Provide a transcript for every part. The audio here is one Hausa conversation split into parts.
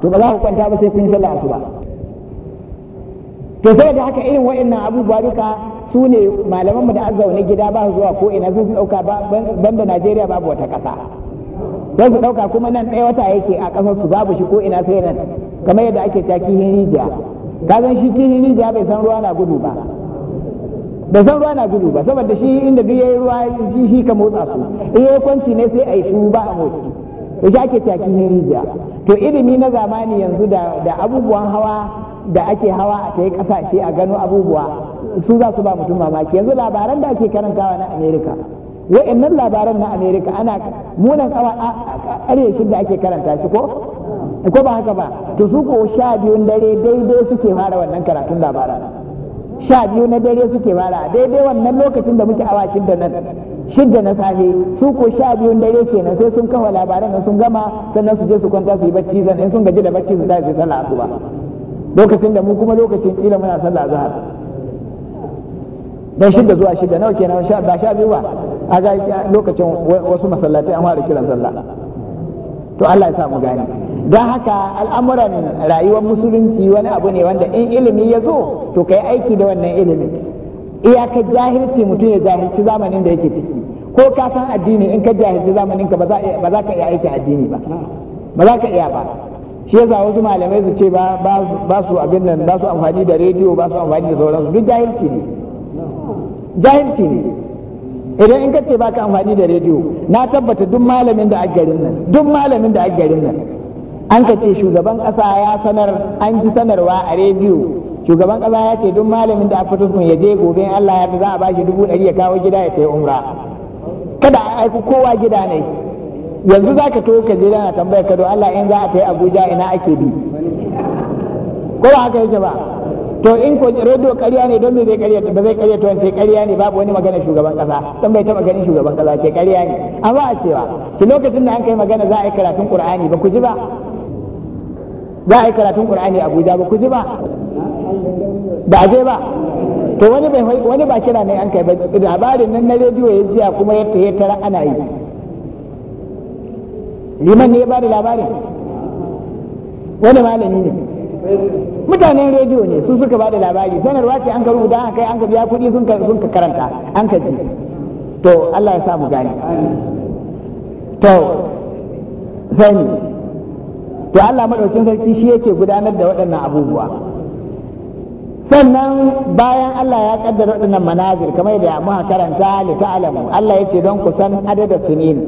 to ba za ku kwanta ba sai kun yi sallah asuba to sai da haka irin wa'annan abubuwa duka su ne malaman mu da an zaune gida ba zuwa ko ina su dauka ban da Najeriya babu wata kasa sai su dauka kuma nan ɗaya wata yake a kasar su babu shi ko ina sai nan kamar yadda ake ta kihin rijiya ka san shi kihin rijiya bai san ruwa na gudu ba bai san ruwa na gudu ba saboda shi inda duk yayi ruwa shi shi ka motsa su in yayi kwanci ne sai a yi ba a motsi to shi ake cewa kihin rijiya to ilimi na zamani yanzu da abubuwan hawa da ake hawa a yi kasashe a gano abubuwa su za su ba mutum mamaki yanzu labaran da ake karantawa na america wa'annan labaran na Amerika ana munan shi da ake karanta shi ko ko ba haka ba to su ko sha biyun dare daidai suke fara wannan karatun labaran sha biyu na dare suke fara daidai wannan lokacin da muke awa da nan shidda na safe su ko sha biyun dare kenan sai sun kafa labaran da sun gama sannan su je su kwanta su yi bacci zan in sun gaji da bacci su su sallah asuba lokacin da mu kuma lokacin kila muna sallah zahar dan shidda zuwa shidda nawa kenan sha ba sha biyu ba a ga lokacin wasu masallatai an fara kiran sallah to Allah ya sa mu gane don haka al'amuran rayuwar musulunci wani abu ne wanda in ilimi ya zo to kai aiki da wannan ilimin ka jahilci mutum ya jahilci zamanin da yake ciki ko ka san addini in ka jahilci zamanin ka ba za ka iya aiki addini ba ba za ka iya ba shi yasa wasu malamai su ce ba su abin nan ba su amfani da rediyo ba su amfani da sauransu duk jahilci ne jahilci ne idan in ka ce ba ka amfani da rediyo na tabbata duk malamin da a garin nan duk malamin da a garin nan an ka ce shugaban kasa ya sanar an ji sanarwa a rediyo shugaban kasa ya ce duk malamin da a fito ya je gobe in Allah ya za a bashi dubu ɗari ya kawo gida ya kai umra kada a aiki kowa gida ne yanzu za ka toka gida na tambaya ka don Allah in za a kai Abuja ina ake bi ko ba haka yake ba to in ko rediyo ƙarya ne don me zai ƙarya ba zai ƙarya to ce ƙarya ne babu wani magana shugaban kasa dan bai taba ganin shugaban kasa ce ƙarya ne amma a cewa ki lokacin da an kai magana za a yi karatun Qur'ani ba ku ji ba za a yi karatun qur'ani abuja ba ku ji ba ba a je ba to wani bai wani ba kira ne an kai ba labarin nan na rediyo ya jiya kuma ya ta tara ana yi liman ne ya bada labarin wani malami ne mutanen rediyo ne su suka bada labari sanarwa ce an ka rubuta an kai an ka biya kuɗi sun ka karanta an ka ji to Allah ya sa mu gane to sai to Allah madaukin sarki shi yake gudanar da waɗannan abubuwa sannan bayan Allah ya kaddara waɗannan manazir kamar ya muka karanta li ta'lamu Allah yace don ku san adadin sinin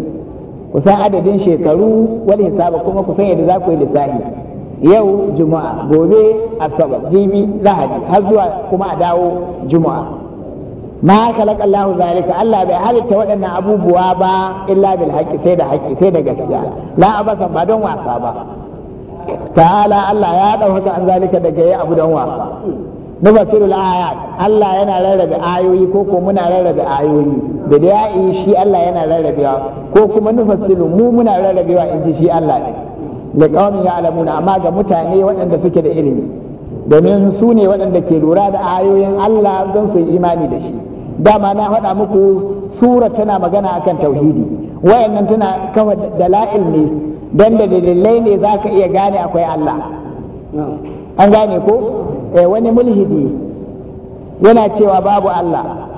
ku san adadin shekaru wal hisaba kuma ku san yadda za ku yi lissafi yau juma'a gobe asabar jibi lahadi har zuwa kuma a dawo juma'a ma khalaqa Allahu zalika Allah bai halitta waɗannan abubuwa ba illa bil haqqi sai da haqqi sai da gaskiya la abasan ba don wasa ba ta'ala Allah ya ɗaukaka an zalika daga yayi abu don wasa nufassirul ayat Allah yana rarrabe ayoyi ko ko muna rarrabe ayoyi da da yi shi Allah yana rarrabewa ko kuma nufassiru mu muna rarrabewa in ji shi Allah ne da alamu ya'lamuna amma ga mutane waɗanda suke da ilimi domin su ne waɗanda ke lura da ayoyin Allah don su yi imani da shi dama na faɗa muku sura tana magana akan tauhidi wayannan tana kawai dala'il ne dan da dalilai ne za ka iya gane akwai Allah an gane ko eh, wani mulhidi yana cewa babu Allah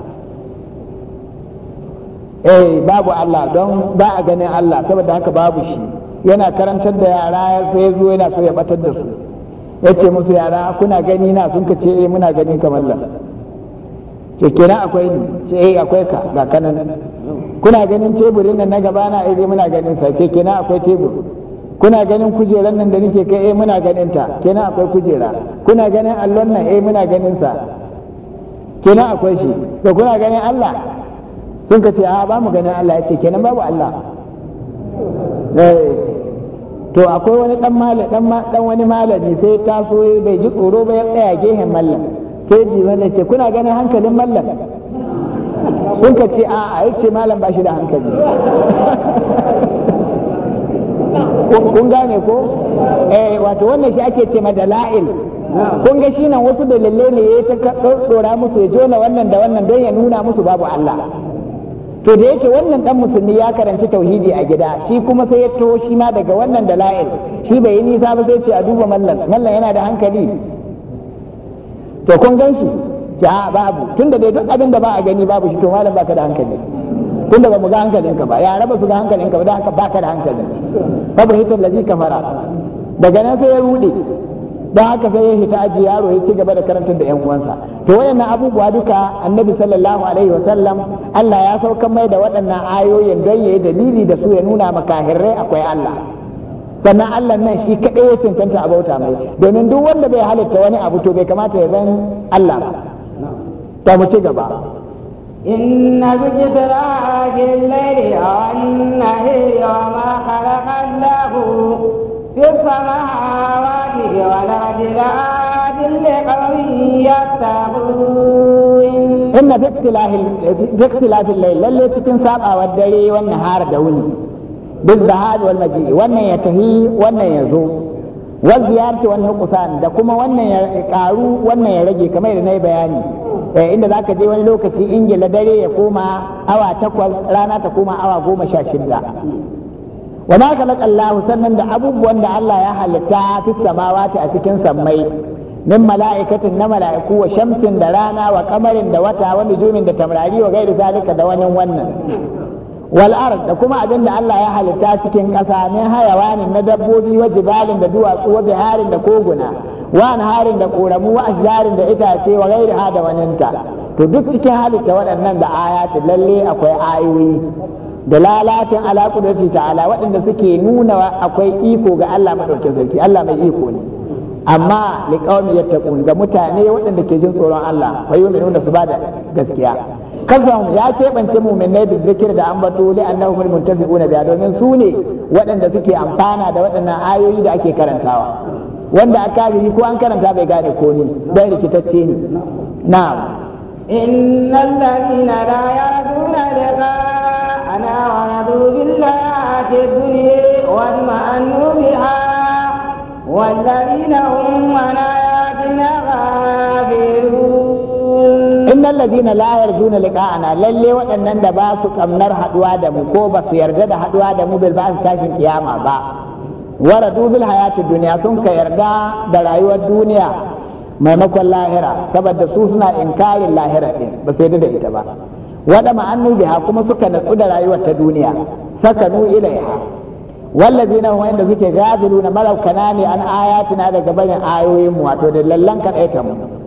eh babu Allah don ba a ganin Allah saboda haka babu shi yana karantar da yara sai zo yana so ya batar da su yace musu yara kuna gani na sun ka ce eh, muna gani kamar Allah ce kenan akwai ni ce eh, akwai ka ga kanan kuna ganin teburin nan na gaba na ai eh, muna ganin sa ce kenan akwai tebur kuna ganin kujeran nan da nake kai eh muna ganin ta kenan akwai kujera kuna ganin allon nan eh muna ganin sa kenan akwai shi da kuna ganin Allah sun ka ce a ba mu ganin Allah yace kenan babu Allah eh to akwai wani dan malami dan dan wani malami sai taso bai ji tsoro ba ya tsaya gehen mallam sai ji mallam ce kuna ganin hankalin mallam Sun ka ce a'a ya ce malam ba shi da hankali kun gane ko eh wato wannan shi ake ce madala'il kun ga shi nan wasu dalilai ne ya ta dora musu ya jona wannan da wannan don ya nuna musu babu Allah to da yake wannan dan musulmi ya karanci tauhidi a gida shi kuma sai ya taho shi ma daga wannan dala'il shi bai yi nisa ba sai ce a duba mallan mallan yana da hankali to kun gan shi ta babu tunda dai duk abin da ba a gani babu shi to malam baka da hankali tunda ba mu ga hankalinka ba ya raba su ga ka ba da haka baka da hankali babu hitar lazi kamara daga nan sai ya rude da haka sai ya hita aji yaro ya ci gaba da karantar da 'yan uwansa to wayannan abubuwa duka annabi sallallahu alaihi wasallam Allah ya sauka mai da waɗannan ayoyin don yayi dalili da su ya nuna makahirrai akwai Allah sannan Allah nan shi kaɗai ya cancanta a bauta mai domin duk wanda bai halitta wani abu to bai kamata ya zan Allah ba ta mu ci gaba إن بإختلاف في الليل والنهي وما خلق الله في السماوات والأرض لآت لقوم إن باختلاف الليل للي تكن سابعة والدري والنهار دوني بالذهاب والمجيء وانا يتهي وانا يزوم wa ziyarati wal kusan, da kuma wannan ya karu wannan ya rage kamar da nayi bayani eh inda ka je wani lokaci ingila dare ya koma awa takwas rana ta koma awa goma sha shida wa ma khalaqa Allah sannan da abubuwan da Allah ya halitta fi samawati a cikin sammai min mala'ikatin na mala'iku wa shamsin da rana wa kamarin da wata wani nujumin da tamrari wa gairi zalika da wani wannan wal'ar da kuma abin da Allah ya halitta cikin ƙasa min hayawanin na dabbobi wa jibalin da duwatsu wa biharin da koguna wa harin da ƙoramu, wa ashjarin da itace wa ha da waninta to duk cikin halitta waɗannan da ayati lalle akwai ayoyi da lalatin ala ta ta'ala waɗanda suke nuna akwai iko ga Allah madaukakin sarki Allah mai iko ne amma liqaumi yattaqun ga mutane waɗanda ke jin tsoron Allah fa yu'minuna su da gaskiya kasahum ya keɓance muminai da zikir da ambato li annahum almuntafiquna biya domin su ne waɗanda suke amfana da waɗannan ayoyi da ake karantawa wanda aka yi ko an karanta bai gane ko ni dan rikitacce ne na'am innal ladina la yarjuna ana wa radu billahi dunya wa annu biha wal ladina hum ana غافلون innal ladina la yarjuna liqa'ana lalle waɗannan da ba su kamnar haduwa da mu ko ba su yarda da haduwa da mu bil ba'su tashin kiyama ba waradu bil hayati dunya sun ka yarda da rayuwar duniya maimakon lahira saboda su suna inkarin lahira din ba sai da ita ba wada ma'annu biha kuma suka natsu da rayuwar ta duniya sakanu ilaiha wallazina hum inda suke gaziluna ne an ayatina daga barin ayoyin mu wato da lallan kadaita mu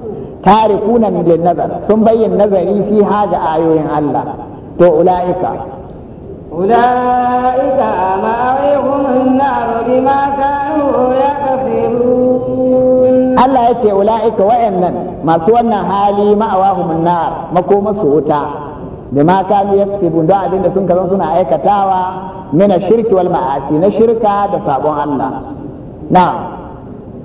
tarikuna lin nazar sun bayyana nazari fi haga ayoyin Allah to ulaika ulaika ma'awihum an-nar bima kanu yakfirun Allah yace ulaika wayannan masu wannan hali ma'awahum an-nar makoma su wuta bima kanu yaksibun da abinda sun kazan suna aikatawa mina shirki wal ma'asi na shirka da sabon Allah na'am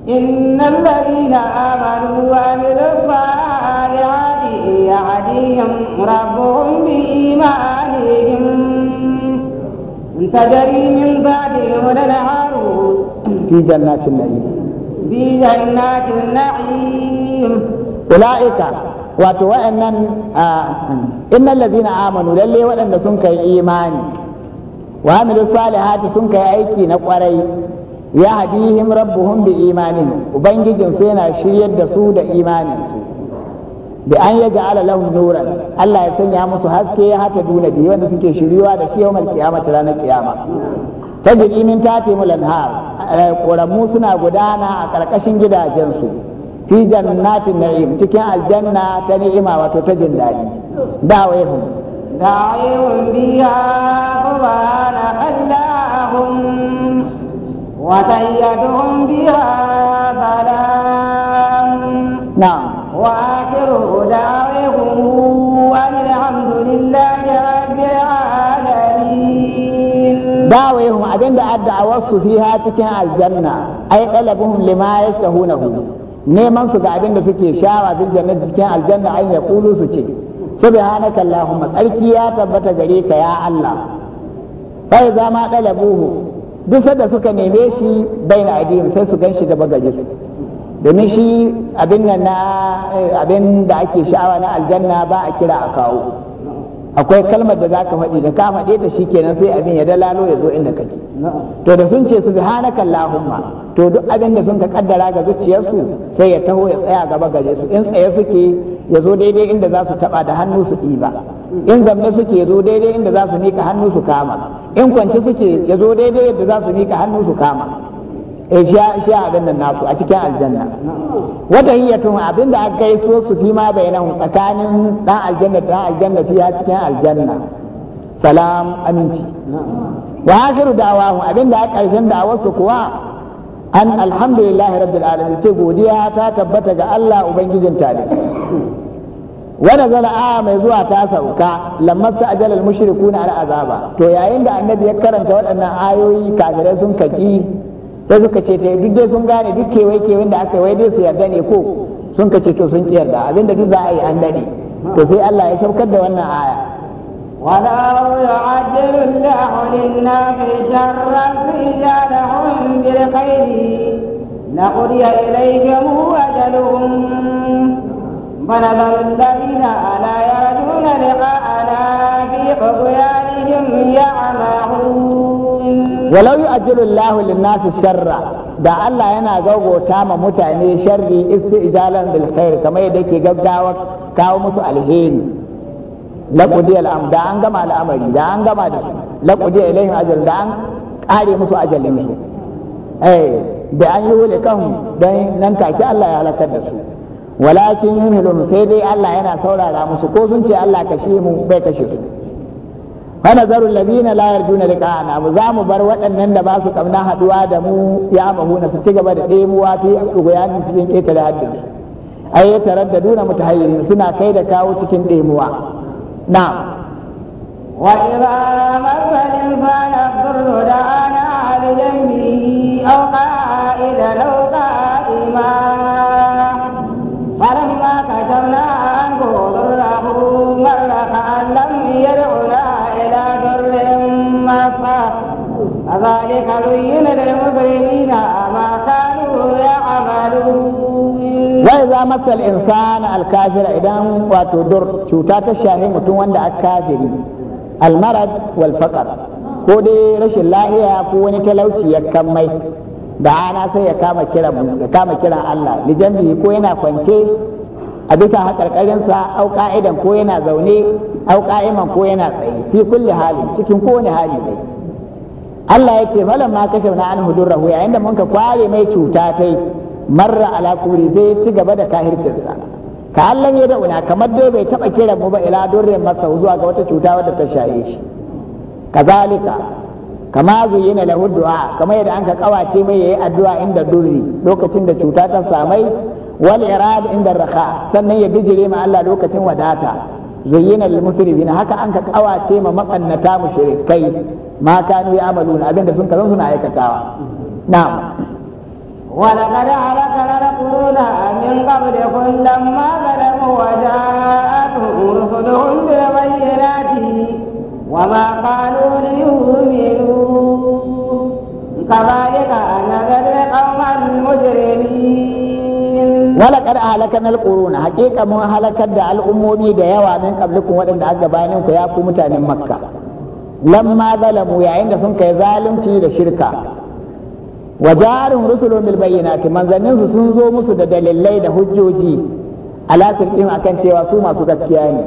إن الذين آمنوا وعملوا الصالحات يعديهم ربهم بإيمانهم تجري من بعدهم الأنهار في جنات النعيم في جنات النعيم أولئك wato wa'annan innal ladina amanu lalle waɗanda sun kai imani wa amilu salihati sun kai aiki na ya hadihim rabbuhum bi imanin ubangijin su yana shiryar da su da imanin su bi an ja'ala lahum nuran Allah ya sanya musu haske ya hata duna bi wanda suke shiryuwa da shi yawmal ta ranar qiyama tajri min tatihim al-anhar quramu eh, suna gudana a karkashin gidajen su fi jannatin na'im cikin aljanna ta ni'ima wato ta jin daɗi da'awayhum da'awayhum biya qurana allahum وتحيتهم بها سلام نعم وآخر دعوهم أن الحمد لله رب العالمين دعوهم أبين دعا دعوة فيها تكن الجنة أي طلبهم لما يشتهونه neman su ga abin da suke shawa bil jannati cikin aljanna an ya kulu su ce subhanaka allahumma tsarki ya tabbata gare ka ya Allah bai zama dalabuhu duk sanda suka neme shi bai na adihim sai su gan shi da bagaje su domin shi abin nan na eh, abin da ake sha'awa na aljanna ba a kira a kawo akwai kalmar da za ka faɗi da ka faɗe da shi kenan sai abin ya dalalo ya zo inda kake to da sun ce su bi hanaka lahumma to duk abin da sun ka kaddara ga zuciyarsu sai ya taho ya tsaya gaba gare su in tsaye suke ya zo daidai inda za su taba da hannu su ɗiba in zamne suke zo daidai inda za su mika hannu su kama in kwance suke ya zo daidai yadda za su mika hannu su kama eh shi abin nan nasu a cikin aljanna wata hiyatun abin da aka kai so su fi ma bayanan tsakanin dan aljanna dan aljanna fiya cikin aljanna salam aminci wa akhiru da'awahum abin da aka karshen da'awarsu kuwa an alhamdulillahi rabbil alamin ce godiya ta tabbata ga Allah ubangijin talibai wanda zala a mai zuwa ta sauka lamma ta ajalar mushriku na azaba to yayin da annabi ya karanta waɗannan ayoyi kafirai sun kaji, sai suka ce ta duk dai sun gane duk kewaye kewayen da aka wai dai su yarda ne ko sun ka ce to sun ki yarda abinda duk za a yi an daɗe to sai Allah ya saukar da wannan aya ولو يعجل الله للناس شرا رجالهم بالخير لقضي إليهم أجلهم ونذر الذين لا يرجون لقاءنا في طغيانهم يعمهون ولو يؤجل الله للناس الشر da Allah yana gaugota ma mutane sharri istijalan bil khair kamar yadda yake gaggawa kawo musu alheri laqudi al'am da an gama al'amari da an gama da su laqudi ilaihim ajal da an kare musu ajalin su eh da an yi wulikan dan nan take Allah ya halaka da su walakin yunhilum sai dai Allah yana saurara musu ko sun ce Allah kashe mu bai kashe su fa nazaru alladhina la yarjuna liqa'ana mu za mu bar waɗannan da ba su kamna haduwa da mu ya mahuna su ci gaba da ɗemuwa fi uguyanin cikin ƙetare haddin su ai ya taraddaduna mutahayyirin suna kai da kawo cikin ɗemuwa na'am وإذا مس الإنسان الضر دعانا لجنبه أو قائلا أو قائما كافة كذلك زين للمسلمين ما كانوا يعملون wai za masal insana alkafira idan wato dur cuta ta shahi mutum wanda aka kafiri almarad wal faqar ko dai rashin lahiya ko wani talauci ya kammai da ana sai ya kama kiran Allah lijambi ko yana kwance a bisa haƙarƙarinsa au ka'idan ko yana zaune au ka'iman ko yana tsaye fi kulli hali cikin kowane hali zai Allah ya ce malam ma kashe na an hudur rahu yayin da ka kware mai cuta tai marra ala kubri zai ci gaba da kahircinsa ka Allah ya da'una kamar dai bai taba kira mu ba ila durrin masa zuwa ga wata cuta wadda ta shaye shi kazalika kama zuyina lahu du'a kamar yadda an ka kawace mai ya yi addu'a inda duri lokacin da cuta ta samai wal irad inda raka sannan ya bijire ma Allah lokacin wadata zayyana lil musrifina haka an ka kawace ma makannata mushrikai ma kanu ya'maluna abinda sun kazan suna aikatawa na'am ولقد أهلكنا القرون من قبلكم لما ظلموا وجاءتهم رسلهم بالبينات وما قالوا ليؤمنوا كذلك نزل القوم المجرمين walaqad ahlakana alquruna haqiqa mun halakar da al'ummomi da yawa min qablikum waɗanda aka bayanin ku ya ku mutanen makka lamma zalamu yayin da sun kai zalunci da shirka wa jarin rusulun bil bayyinati manzannin su sun zo musu da dalilai da hujjoji ala sirqim akan cewa su masu gaskiya ne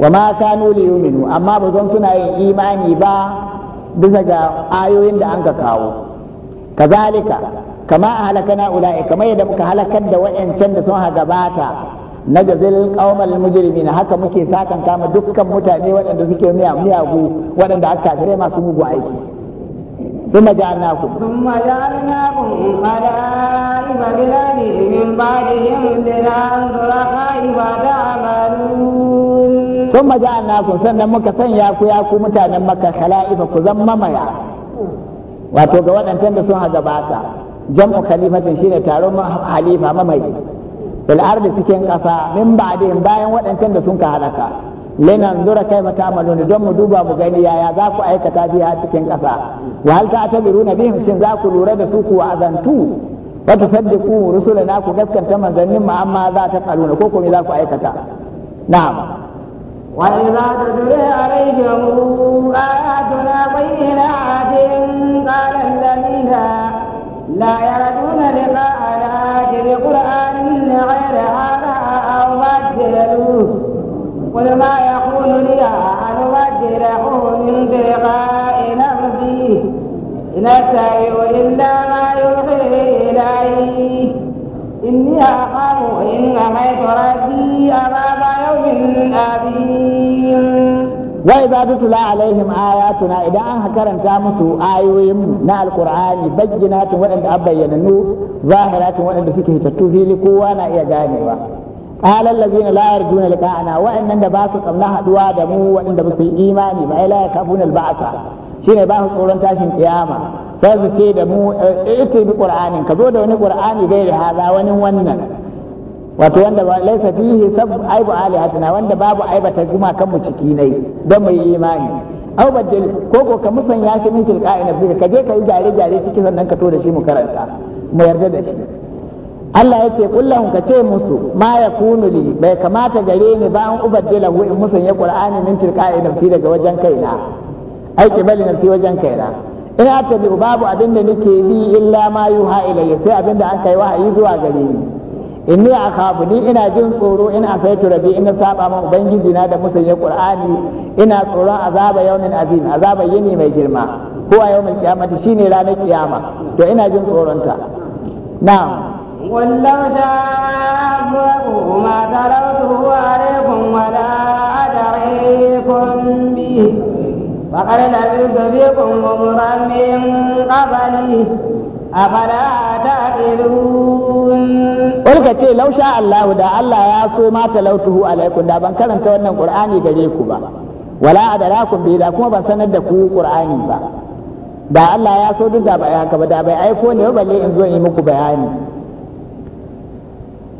wa ma kanu yuminu amma ba zan suna yin imani ba bisa ga ayoyin da an ka kawo kazalika kama a halakana ula'i kamar yadda muka halakar da wa'yancan da sun gabata na jazil gazil qaumal na haka muke sakan kama dukkan mutane waɗanda suke miyagu waɗanda aka kafirai masu mugu aiki ثم جعلناكم ثم جعلناكم خلائف بلاد من بعدهم لننظر كيف تعملون ثم جعلناكم سنة مكة سنة ياكو ياكو متانا مكة خلائف كزم مميا واتوقع وانا تندسوها جباتا jam'u khalifatin shine taron halifa mamai bil ardi cikin kasa min ba'dihim bayan waɗancan da sun ka halaka linan zura kai mata amalun don mu duba mu gani yaya za ku aikata biya cikin kasa wa hal ta'tabiruna bihim shin za ku lura da su ku azantu wa tusaddiqu rusulana ku gaskanta manzannin mu amma za ta kaluna ko kuma za ku aikata na'am وإذا تتلي عليهم آياتنا بينات قال الذين لا يرجون لقاءنا بقرآن غير هذا أو بدلوه قل ما يقول لي أن أبدله من بقاء نفسي إن أتبع إلا ما يوحي إليه إني أخاف إن أميت ربي أمام يوم عظيم Za wa idza tutla alaihim ayatuna idan an karanta musu ayoyin na Alƙur'ani alqur'ani tun waɗanda bayyana nu abayyananu zahiratin waɗanda suke hitattu fili kowa na iya gane ganewa qala allazina la yarjuna liqa'ana waɗannan da ba su kamna haduwa da mu waɗanda ba su yi imani ba la yakabuna alba'sa shine ba su tsoron tashin kiyama sai su ce da mu eh, ita bi qur'anin ka zo da wani qur'ani gairi haza wani wannan wato wanda ba laisa fihi sab aibu alihatina wanda babu aibata gumakan mu ciki nai don mai imani au badil ko ko ka ya shi min tilqa'i nafsika ka je ka yi gyare gyare ciki sannan ka to da shi mu karanta mu yarda da shi Allah ya ce kullahun ka ce musu ma ya li bai kamata gare ni ba an ubaddila hu in ya qur'ani min tilqa'i nafsi daga wajen kaina ai bali nafsi wajen kaina in atabi babu da nake bi illa ma yuha ilayya sai da an kai wahayi zuwa gare ni inni a kafu ni ina jin tsoro in asaitu rabi ina saba ma ubangiji na da musanya qur'ani ina tsoron azaba yawmin azim azaba yini mai girma ko a yawmin shi shine ranar kiyama to ina jin tsoron ta na'am ولو شاء ما تلوته عليكم ولا أدريكم به فقد لبثت فيكم من أفلا تعقلون walka ce lausha Allah da Allah ya so ma talautuhu alaikum da ban karanta wannan Qur'ani gare ku ba wala adarakum bi da kuma ban sanar da ku Qur'ani ba da Allah ya so duk da bai haka ba da bai aiko ne balle in zo in yi muku bayani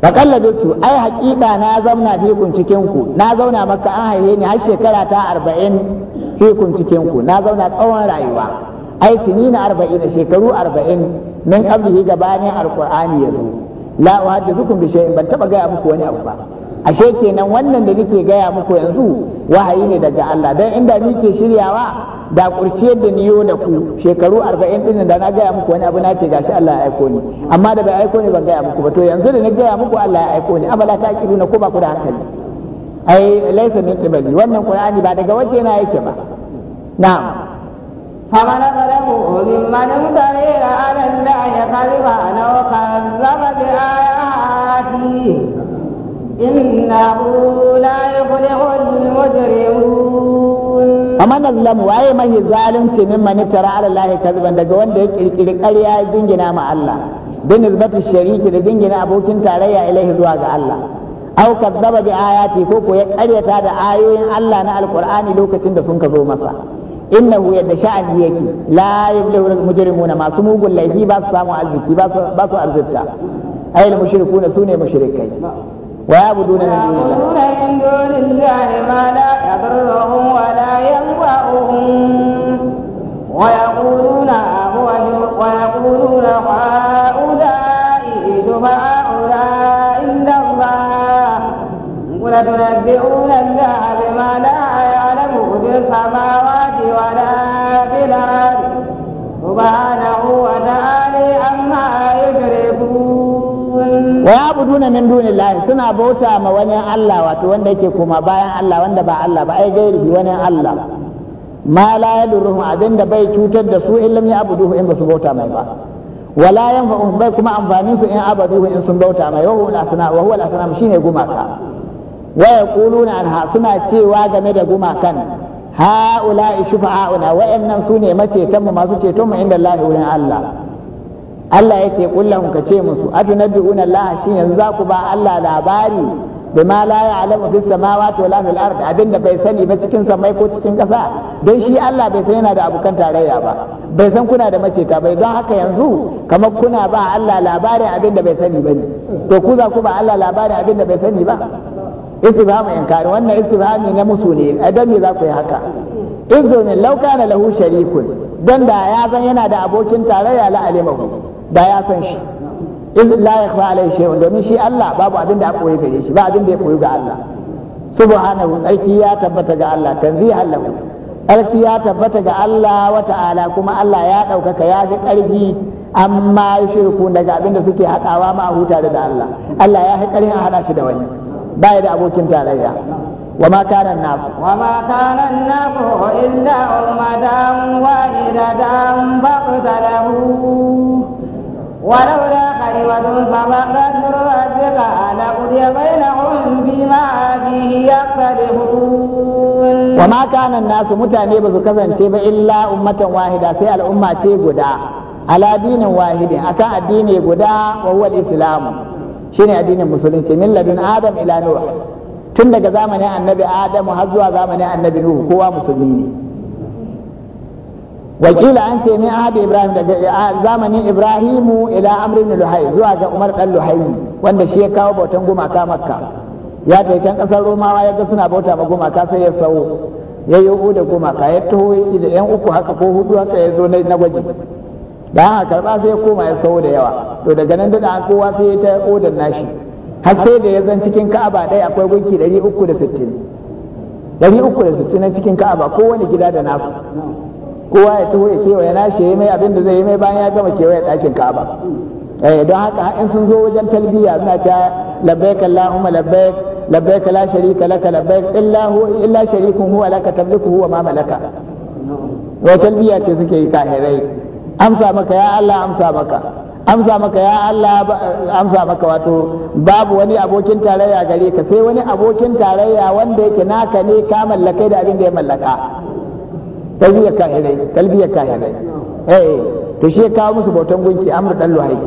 fa su ai haqiqa na zauna kun cikin ku na zauna maka an haihe ni har shekara ta 40 kun cikin ku na zauna tsawon rayuwa ai sinina 40 shekaru 40 min qablihi gabanin alqur'ani yazo la uhaddithukum bi shay'in ban taba gaya muku wani abu ba ashe kenan wannan da nake gaya muku yanzu wahayi ne daga Allah dan inda ni ke shiryawa da kurciyar da niyo da ku shekaru 40 din da na gaya muku wani abu na ce gashi Allah ya aiko ni amma da bai aiko ni ban gaya muku ba to yanzu da na gaya muku Allah ya aiko ni abala ta kiruna ko ba ku da hankali ai laisa min kibali wannan qur'ani ba daga waje na yake ba na'am فمن ظلمه ممن افتري على الله كذبا او بآياته إنه لا يفلح المجرمون فمن الظلم واي ما هي ظالم ممن افترى على الله كذبا daga wanda ya kirkiri ƙarya ya jingina ma Allah bin nisbatu shariki da jingina abokin tarayya ilaihi zuwa ga Allah Aukar zababi bi ayati ko ko ya ƙaryata da ayoyin Allah na Alƙur'ani lokacin da sun ka zo masa innahu yadda sha'ani yake la yablahu al-mujrimuna masu mugun laifi ba su samu arziki ba su arzikta ay al-mushrikuna sune mushrikai wa yabuduna min dunillahi ma la yadurruhum wa la yanfa'uhum wa yaquluna huwa wa yaquluna ha'ula'i shufa'a'una inda Allah qul tunabbi'una Allah bima la ya'lamun السماوات ولا في الأرض سبحانه وتعالى عما يشركون ويعبدون من دون الله سنة بوتا ما وني الله وتوان ديكي كما بايا الله وان دبا الله بأي غيره وني الله ما لا يدرهم أبين دبي توتد دسو إن لم يعبدوه إن بس بوتا ما يبا ولا ينفعهم bai kuma amfanin su إن abaduhu in sun bauta mai wahu al-asna wa huwa al-asnam shine gumaka wa yaquluna anha suna ha'ula'i shufa'auna wayannan su ne macetan mu masu ceton mu inda Allah Allah Allah ya ce kullahum ka ce musu atunabbi'una Allah shi yanzu za ku ba Allah labari da la a fis samawati wala fil ardi abinda bai sani ba cikin samai ko cikin kasa don shi Allah bai san yana da abokan tarayya ba bai san kuna da maceta bai don haka yanzu kamar kuna ba Allah labarin abinda bai sani ba ne to ku za ku ba Allah labarin abinda bai sani ba istibhamu inkari wannan istibhami na musu ne a don me za ku yi haka iz domin lauka na lahu sharikun don da ya zan yana da abokin tarayya la alimahu da ya san shi in la yakhfa alai shay'un domin shi Allah babu abin da ya koyi gare shi ba abin da ya koyi ga Allah subhanahu tsarki ya tabbata ga Allah tanzi lahu tsarki ya tabbata ga Allah wa ta'ala kuma Allah ya ɗaukaka ya fi ƙarfi amma shirku daga abin da suke haɗawa ma a huta da Allah Allah ya fi ƙarfin a shi da wani baya da abokin tarayya wa ma kana nasu wa ma kana nasu illa ummatan wahidatan baqtalahu wa law la qariwatu sabaqat rabbika ala qudi bainahum bima fihi yaqtalihun wa ma kana nasu mutane ba su kasance ba illa ummatan wahida sai al'umma ce guda ala dinin wahidin akan addini guda wa huwa islamu shine addinin musulunci min ladun adam ila nuh tun daga zamanin annabi adamu har zuwa zamanin annabi nuhu kowa musulmi ne wakila an ce min ahadi ibrahim daga zamanin ibrahimu ila Amrin luhai zuwa ga umar dan luhai wanda shi ya kawo bautan gumaka makka ya ta can kasar romawa ya ga suna bauta ma gumaka sai ya sawo ya yi da gumaka ya taho da yan uku haka ko hudu haka ya zo na gwaji da aka karba sai ya koma ya sau da yawa to daga nan duka kowa sai ya ta odan nashi har sai da ya zan cikin ka'aba ɗaya akwai gunki 360 360 na cikin ka'aba kowane gida da nasu kowa ya taho ya kewaye nashi ya yi mai abin da zai yi mai bayan ya gama kewaye ɗakin ka'aba eh don haka in sun zo wajen talbiya suna ta labbaik allahumma labbaik labbaik la sharika laka labbaik illa hu illa sharikun huwa laka tamliku huwa ma malaka wa talbiya ce suke yi kahirai amsa maka ya Allah amsa maka amsa maka ya Allah amsa maka wato babu wani abokin tarayya gare ka sai wani abokin tarayya wanda yake naka ne ka mallakai da abin da ya mallaka talbiyar kahirai talbiyar kahirai eh to shi ya kawo musu bautan gunki amr dan luhai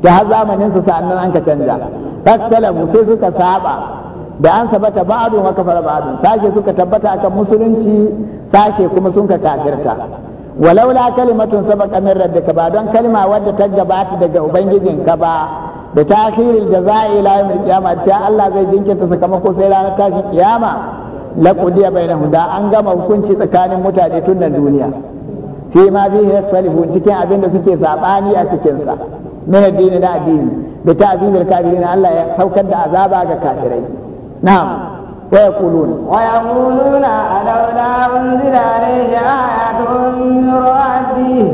da har zamanin su sa'annan an ka canja mu sai suka saba da an sabata ba'adun wa kafara ba'adun sashe suka tabbata akan musulunci sashe kuma sun ka kafirta walaula kalimatun sabaka min rabbika ba don kalma wadda ta gabata daga ubangijinka ba da takhiril jazaa'i ila yawmil qiyamah ta Allah zai jinkinta sakamako sai ranar tashi kiyama la qudiya bainahum da an gama hukunci tsakanin mutane tun da duniya fi ma fihi cikin abin da suke sabani a cikin sa min addini da addini da ta'zimil kafirin Allah ya saukar da azaba ga kafirai na'am ويقولون ويقولون ألولا أنزل عليه آيات من ربه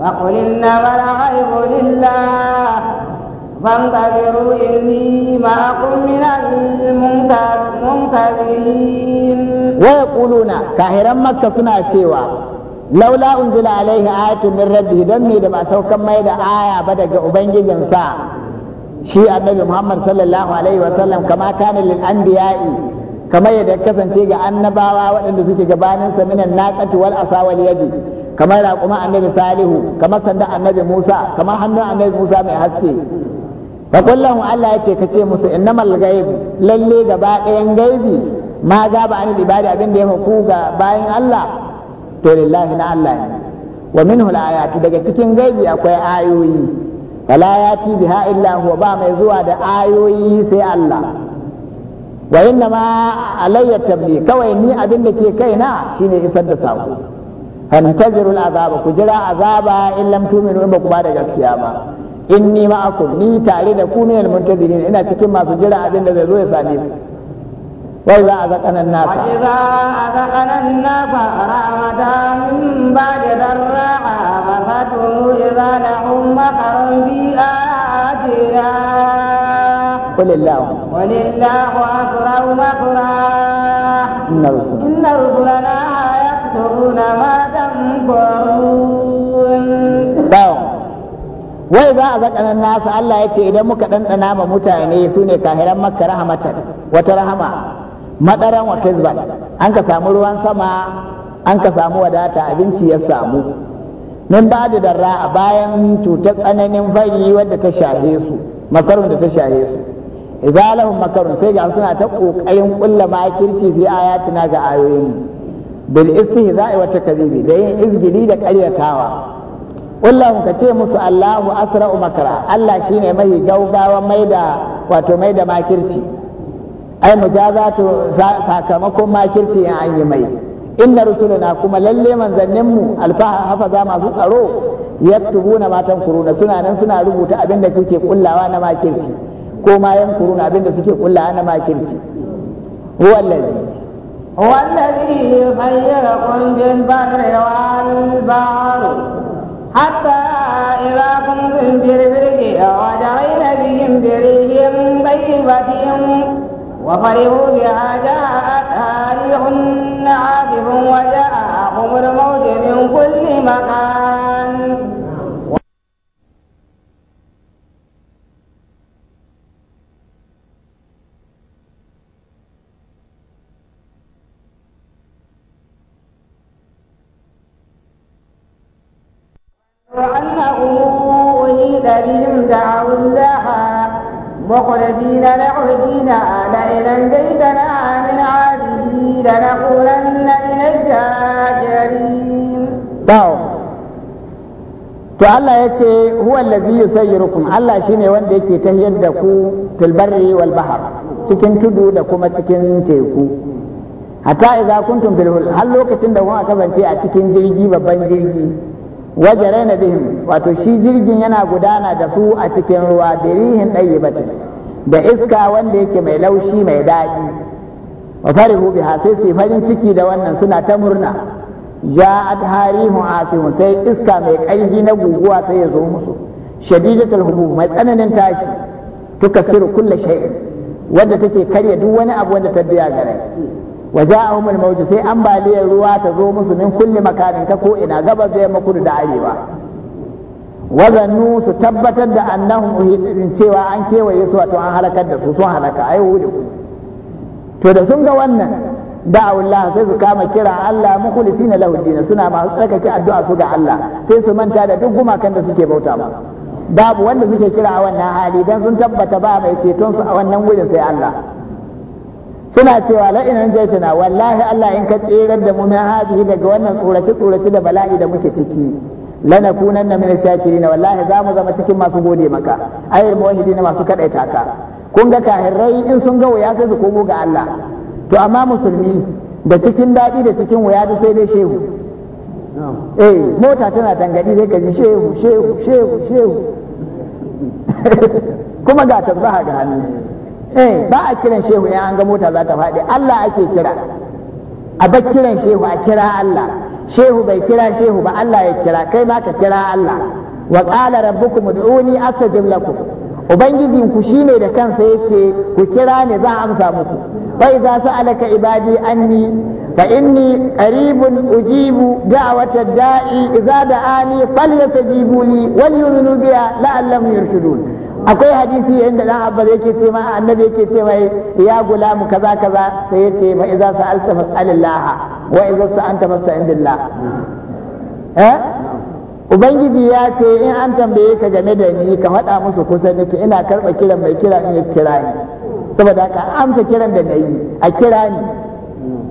فقل إنما الغيب لله فانتظروا إني ما أقول من المنتظرين ويقولون كاهرا مكة صنع سوى لولا أنزل عليه ayatu من rabbih دمي me da ba saukan mai أبنجي جنسا shi annabi muhammad sallallahu alaihi wasallam kama kana lil anbiya'i kama yadda kasance ga annabawa waɗanda suke gabanin sa minan naqati wal asawal yadi kamar raƙuma annabi salihu kamar sanda annabi musa kamar hannun annabi musa mai haske fa kullahu allah yace ka ce musu innamal ghaib lalle gaba ɗayan gaibi ma gaba an ibadi abin da ya fa ga bayan allah to lillahi na allah ne wa minhu al daga cikin gaibi akwai ayoyi wala ya ci biha illa huwa ba mai zuwa da ayoyi sai Allah wa inna ma alayya tabli kawai ni abin da ke kaina shine isar da sako fantaziru azaba ku jira azaba in lam tuminu in ku ba da gaskiya ba inni ma'akum ni tare da ku al muntazirin ina cikin masu jira abin da zai zo ya same ku وإذا أذقنا الناس وإذا أذقنا الناس رحمة من بعد ضراء مستهم إذا لهم مقر في آياتنا قل الله قل الله أسرع مكرا إن رسلنا إن رسلنا يكتبون ما تمكرون wai ba a zakanan nasu Allah ya ce idan muka ɗanɗana ma mutane su ne kahiran makka rahamatan wata rahama madaran wa kizban an ka samu ruwan sama an ka samu wadata abinci ya samu min ba da darra a bayan cutar tsananin fari wadda ta shahe su masarun da ta shahe su izalahum makarun sai ga suna ta kokarin kulla makirci fi ayatina ga ayoyin bil istihza'i wa takzibi da yin izgili da ƙaryatawa kullahum ka ce musu Allahu asra'u makara Allah shine mai gaugawa mai da wato mai da makirci ai ta sakamakon makirci in an yi mai inna rusuluna kuma lalle mu alfaha za masu tsaro na matan kuruna suna nan suna rubuta abin da kuke kullawa na makirci ko ma yan kuruna abin da suke kullawa na makirci huwa allazi huwa allazi yusayyirakum bil bahri wal bahri hatta ila kuntum bil birri wa jarayna bihim birihim tayyibatin وفرحوا بها جاءتها ريح وجاءهم الموت من كل مكان وأنه أهيل بهم دعوا الله مخرجين له دين لئن أنجيتنا من هذه لنكونن من الشاكرين to Allah ya ce huwa allazi yusayyirukum Allah shine wanda yake tahiyar da ku fil barri wal bahr cikin tudu da kuma cikin teku hatta idza kuntum fil har lokacin da kuka kasance a cikin jirgi babban jirgi wajare na bihim wato shi jirgin yana gudana da su a cikin ruwa birihin ɗaye bace da iska wanda yake mai laushi mai daɗi wa farihu biha sai su farin ciki da wannan suna ta murna ya adharihu asihun sai iska mai ƙarfi na guguwa sai ya zo musu shadidatul hubub mai tsananin tashi tukasiru kulle shay'in wanda take karya duk wani abu wanda ta biya gare waje a umar mawuce sai ambaliyar ruwa ta zo musu min kulle makanin ta ko'ina gabas da yamma kudu da arewa wazannu su tabbatar da annahum uhidin cewa an kewaye su wato an halakar da su sun halaka ai wuri ku to da sun ga wannan da'awullah sai su kama kira Allah mukhlisin lahu lahudina, suna masu tsarkake addu'a su ga Allah sai su manta da duk gumakan da suke bauta ba babu wanda suke kira a wannan hali dan sun tabbata ba mai ceton su a wannan wurin sai Allah suna cewa la'inan jaitana wallahi Allah in ka tserar da mu min hadihi daga wannan tsorace tsorace da bala'i da muke ciki lanakunan min shakirin wallahi za mu zama cikin masu gode maka ayyul muwahhidin masu kadaita taka. kun ga kahirai in sun ga wuya sai su komo ga Allah to amma musulmi da cikin daɗi da cikin wuya duk sai dai shehu eh mota tana tangadi sai ka ji shehu shehu shehu shehu kuma ga tasbaha ga hannu eh ba a kiran shehu in an ga mota za ta faɗi Allah ake kira a bar kiran shehu a kira Allah shehu bai kira shehu ba Allah ya kira kai ma ka kira Allah wa qala rabbukum ud'uni astajib lakum ubangijin ku shine da kansa yace ku kira ne za a amsa muku fa idza sa'alaka ibadi anni fa inni qaribun ujibu da'wata da'i idza da'ani falyastajibuli wal yu'minu biha la'allahum akwai hadisi inda dan abbas yake ce ma annabi yake ce mai ya mu kaza kaza sai ya ce fa idza sa'alta fas'alillah wa idza sa'anta fasta'in eh ubangiji ya ce in an tambaye ka game da ni ka faɗa musu kusa nake ina karɓa kiran mai kira in ya kira ni saboda ka amsa kiran da na yi a kira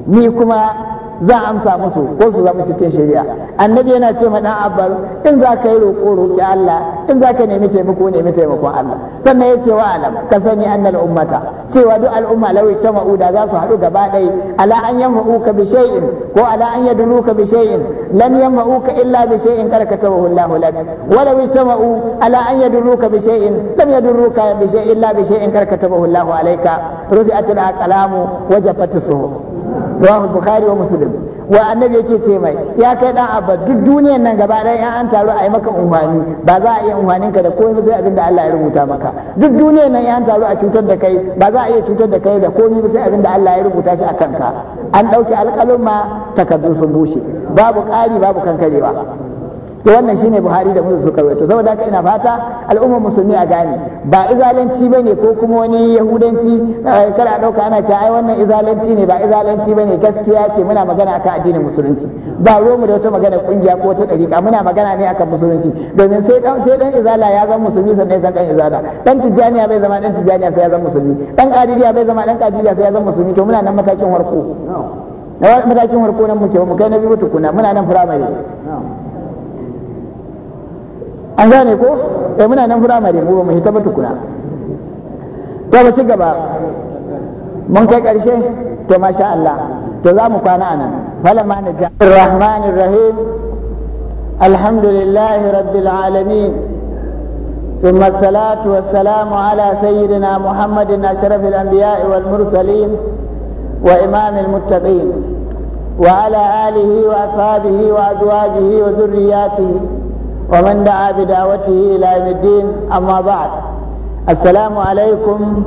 ni ni kuma za a amsa musu ko su zama cikin shari'a annabi yana ce ma dan abbas in za ka yi roƙo roƙi Allah in za ka nemi taimako nemi taimakon Allah sannan ya ce wa alam ka sani annal ummata cewa duk al'umma lawi ta ma'uda za su haɗu gaba ɗaya ala an yamha'uka bi shay'in ko ala an yaduluka bi shay'in lam yamha'uka illa bi shay'in kar ka tabahu Allah lak walaw ijtama'u ala an yaduluka bi shay'in lam yaduluka bi shay'in illa bi shay'in kar ka tabahu Allah alayka rufi'atul aqlamu wa jaffatu suhuf rawahu bukhari wa muslim wa annabi yake ce mai ya kai dan abba duk duniyar nan gaba ɗaya in an taru a yi maka umarni ba za a iya umarnin ka da komai sai abin da Allah ya rubuta maka duk duniyar nan in an taru a cutar da kai ba za a iya cutar da kai da komai sai abin da Allah ya rubuta shi a ka, an ɗauki alƙalin ma takardu sun bushe babu ƙari babu kankarewa to wannan shine buhari da musu suka rawaito saboda haka ina fata al'ummar musulmi a gane ba izalanci bane ko kuma wani yahudanci eh, kar a dauka ana cewa ai wannan izalanci ne ba izalanci bane gaskiya ce muna magana akan addinin musulunci ba mu da wata magana kungiya ko wata dariƙa muna magana ne akan musulunci domin sai dan sai dan izala ya zama musulmi sannan ya dan izala dan tijaniya bai zama dan tijaniya sai ya zama musulmi dan kadiriya bai zama dan kadiriya sai ya zama musulmi to muna nan matakin warko matakin warko nan muke ba mu kai na biyu tukuna muna nan firamare an gane ko eh muna nan firamare mu ba mu hita ba tukuna to ba ci gaba mun kai karshe to masha Allah to za mu kwana anan falamma naja rahmanir rahim alhamdulillahi rabbil alamin ثم الصلاة والسلام على سيدنا محمد أشرف الأنبياء والمرسلين وإمام المتقين وعلى آله وأصحابه وأزواجه وذرياته ومن دعا بدعوته إلى يوم الدين أما بعد السلام عليكم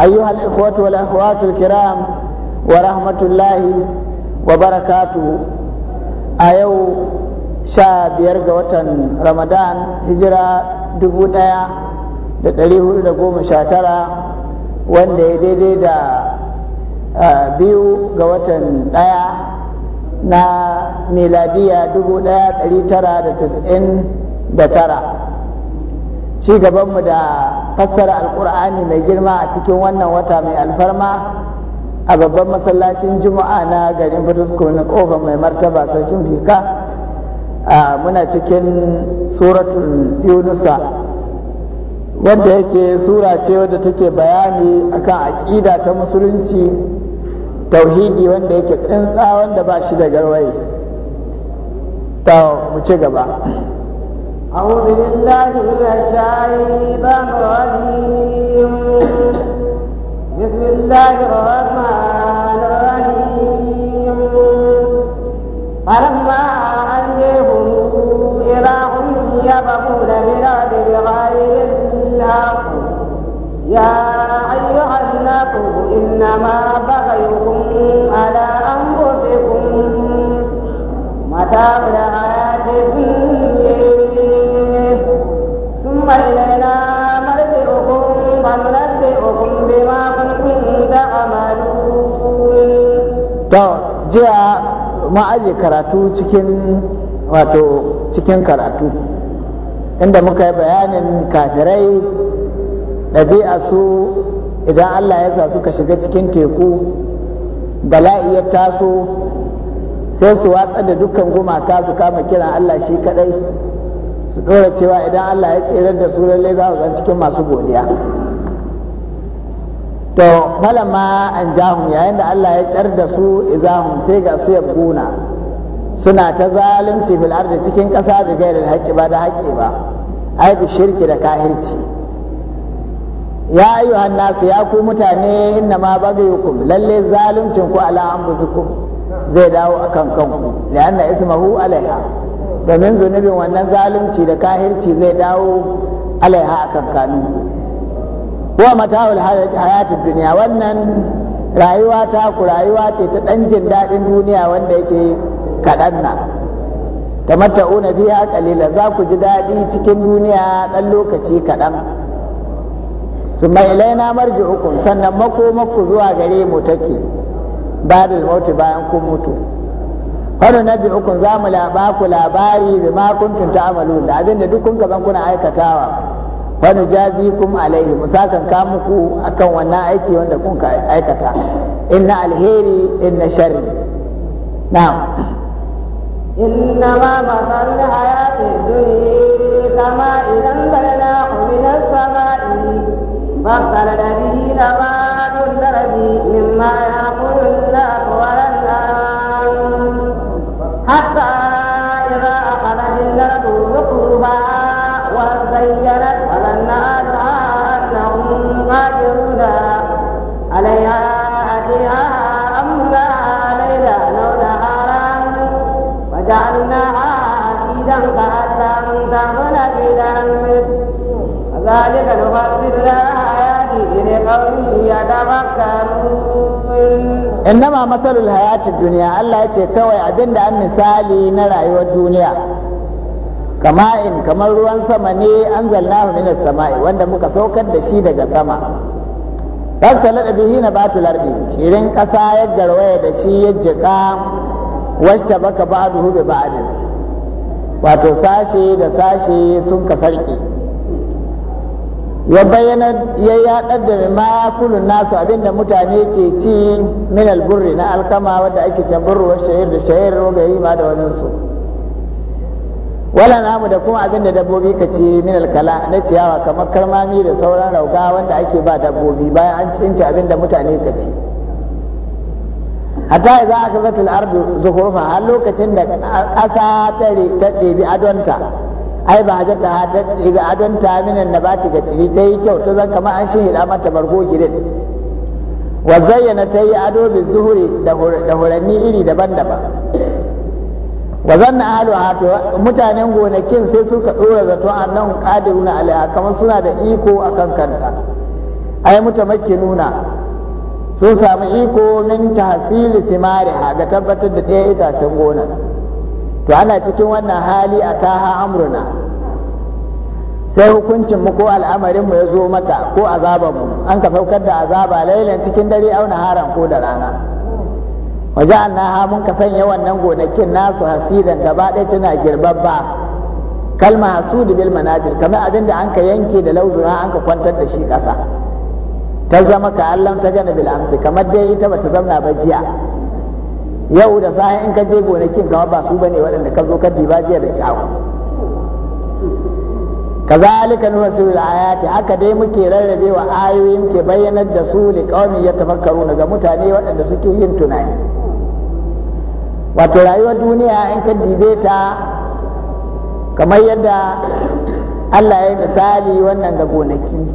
أيها الإخوة والأخوات الكرام ورحمة الله وبركاته أيو شاب يرجى وطن رمضان هجرة دبودا da ɗari hudu وان دي دي tara wanda ya daidai da na miladiya 1999 ci gabanmu da fassara alkur'ani mai girma a cikin wannan wata mai alfarma a babban masallacin juma'a na garin fituskun na kofa mai martaba sarkin Bika. muna cikin suratun yunusa wadda yake sura ce wadda take bayani akan aƙida ta musulunci tauhidi wanda yake tsintsa wanda ba shi da garwaye ta mu ci gaba فلما أن يهروا إلى هم يبقون من بغير الحق يا أيها الناس إنما بغى ma aje karatu cikin wato cikin karatu inda muka yi bayanin kafirai ɗabi'a su idan allah ya sa suka shiga cikin teku bala'i ya taso sai su watsa da dukkan gumaka su kama kiran allah shi kadai su ɗora cewa idan allah ya tserar da su lallai za su zan cikin masu godiya falamma an jahum yayin da Allah ya tsar da su izahum sai ga su yabguna suna ta zalunci fil ardi cikin kasa da gairin haƙƙi ba da haƙƙi ba ai bi shirki da kahirci ya ayu nasu ya ku mutane inna ma bagayukum lalle zaluncin ku ala anfusikum zai dawo akan kanku li'anna ismahu alaiha domin zunubin wannan zalunci da kahirci zai dawo alaiha akan kanunku wa mata'ul hayatid duniya wannan rayuwa ta ku rayuwa ce ta dan jin daɗin duniya wanda yake kaɗan na tamatta'una fiha qalila za ku ji daɗi cikin duniya dan lokaci kaɗan summa ilaina marji'ukum sannan mako mako zuwa gare mu take ba'dal mauti bayan ku mutu na nabi uku za mu labaku labari bi ma kuntum ta'malun da abinda duk kun zan kuna aikatawa wani jazi kuma alaihi musakan ka muku akan wannan aiki wanda kun ka aikata inna alheri inna sharri na'am إنما مثل الحياة الدنيا كما إذا انزلناه من السماء فاختلط به نبات الأرض مما يأكل ذلك نفصل الآيات لقوم يتفكرون إنما مثل kawai الدنيا الله misali na rayuwar duniya. مثالي نرى kama in kamar ruwan sama ne an zalna minas sama'i wanda muka saukar da shi daga sama Dan da bihi na batul ardi cirin ƙasa ya garwaya da shi ya jika wacce baka ba'duhu bi ba'din wato sashe da sashe sun kasarke ya bayyana ya yaɗar da ma kulun nasu abinda mutane ke ci min alburri na alkama wadda ake can burruwar shayir da shayir rogari ma da waninsu wala namu da kuma abinda dabbobi ka ci min alkala na ciyawa kamar Kalmami da sauran rauga wanda ake ba dabbobi bayan an cinci abinda mutane ka ci hatta idza akhadhat al-ardu zukhrufa har lokacin da ƙasa ta ɗebi adonta ai ba haja ta ta ga adon ta minan ta ga tsiri ta yi kyau ta zan kamar an hida mata bargo gidan wa zayyana ta yi ado bi zuhuri da huranni iri daban-daban wa zanna ahlu hato mutanen gonakin sai suka dora zato annahu qadiruna alaiha kamar suna da iko akan kanta ai mutamakkinuna sun samu iko min tahsili simariha ga tabbatar da ɗaya itacen gonar to ana cikin wannan hali a taha amruna sai hukuncin mu ko al'amarin mu ya zo mata ko azaban mu an ka saukar da azaba lailan cikin dare auna haran ko da rana waje ha mun ka sanya wannan gonakin nasu hasidan gaba ɗaya tana girbabba kalma hasud bil manajir kamar abin da ka yanke da lauzura ka kwantar da shi ƙasa ta zama ka allam ta gana bil amsi kamar dai ita bata zauna ba jiya yau da safe in ka je gonakin kawa ba su bane waɗanda ka zo ka diba jiya da kyawu kazalika nufassilu ayati haka dai muke rarrabe wa ayoyi muke bayyanar da su li qaumi yatafakkaruna ga mutane waɗanda suke yin tunani wato rayuwar duniya in ka dibe ta kamar yadda Allah ya misali wannan ga gonaki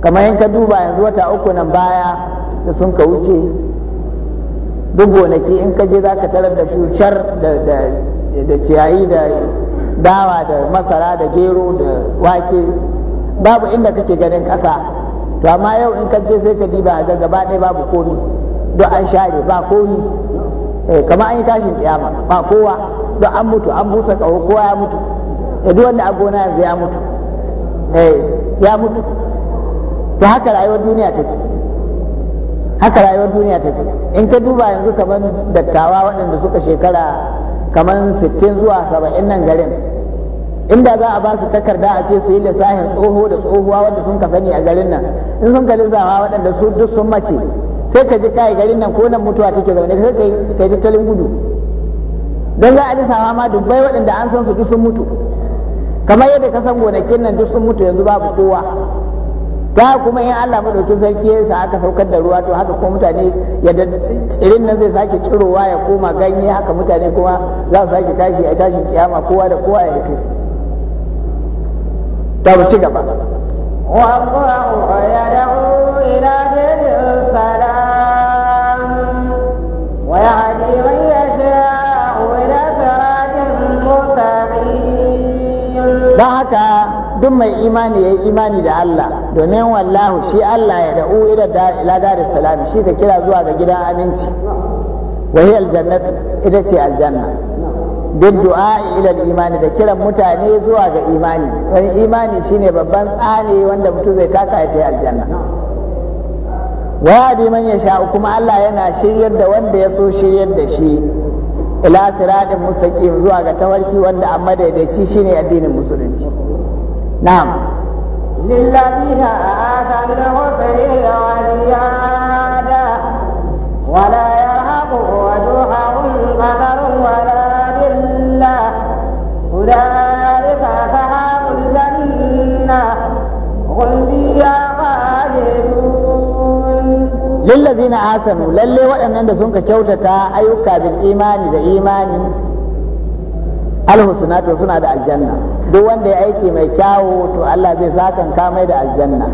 kamar in ka duba yanzu wata uku nan baya da sun ka wuce duk gonaki in ka je za ka tarar da shushar da ciyayi da dawa da masara da gero da wake babu inda kake ganin ƙasa to amma yau in ka je sai ka diba ga gaba ɗaya babu komi duk an share ba komi eh, kamar an yi tashin kiyama ba kowa duk an mutu an busa ƙaho kowa ya mutu eh, duk wanda a gona yanzu ya mutu eh, ya mutu to haka rayuwar duniya take haka rayuwar duniya ta ce in ka duba yanzu kamar dattawa waɗanda suka shekara kamar sittin zuwa 70 nan garin inda za a ba su takarda a ce su yi lissafin tsoho da tsohuwa wanda sun ka sani a garin nan in sun ka lissafa waɗanda su duk sun mace sai ka ji kai garin nan ko nan mutuwa take zaune sai ka yi tattalin gudu don za a lissafa ma dubbai waɗanda an san su duk sun mutu kamar yadda ka san gonakin nan duk sun mutu yanzu babu kowa ta kuma in Allah madaukin sarki ya sa aka saukar da ruwa to haka kuma mutane ya da irin nan zai sake cirowa ya koma ganye haka mutane kuma za su sake tashi a tashin kiyama kowa da kowa ya fito ta ci gaba والله يدعو إلى بر السلام ويهدي من يشاء إلى صراط duk mai imani ya yi imani da Allah domin wallahu shi Allah ya da'u ila daris salam shi ka kira zuwa ga gidan aminci wa aljannatu ita ce aljanna bin du'a ila imani da kiran mutane zuwa ga imani wani imani shine babban tsane wanda mutum zai taka ya ta'i aljanna wa man yasha kuma Allah yana shiryar da wanda ya so shiryar da shi ila siratin mustaqim zuwa ga tawarki wanda amma daidaici shine addinin musulunci نعم للذين آسنوا الحسنى والزيادة ولا يرهق وجوههم قدر ولا ذلة أولئك أصحاب الجنة هم فيها خالدون للذين آسنوا للي وأن عند سنك كوتة أيوكا بالإيمان لإيمان to suna da aljanna duk wanda ya aiki mai kyawu to Allah zai sakan kamai da aljanna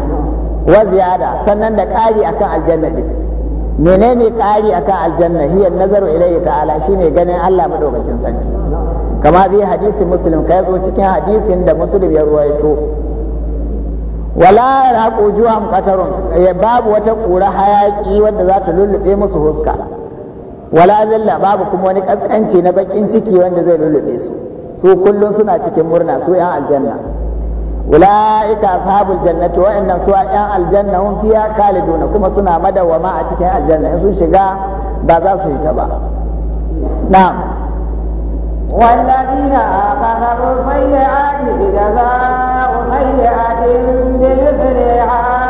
wa ziyada sannan da ƙari akan aljanna din menene ƙari akan aljanna hiya nazaru ilayhi ta'ala shine ganin Allah madaukakin sarki kama bi hadisi muslim kai zo cikin hadisin da muslim ya ruwaito wala raqu juham qatarun eh, babu wata ƙura hayaki wadda za ta lullube musu huska wala azalla babu kuma wani kaskanci na bakin ciki wanda zai lulube su su kullun suna cikin murna su yan aljanna ulaika ashabul jannati wa inna su yan aljanna hum fiha khaliduna kuma suna madawama a cikin aljanna in sun shiga ba za su fita ba na'am والذين آخذوا السيئات بجزاء سيئة بمثلها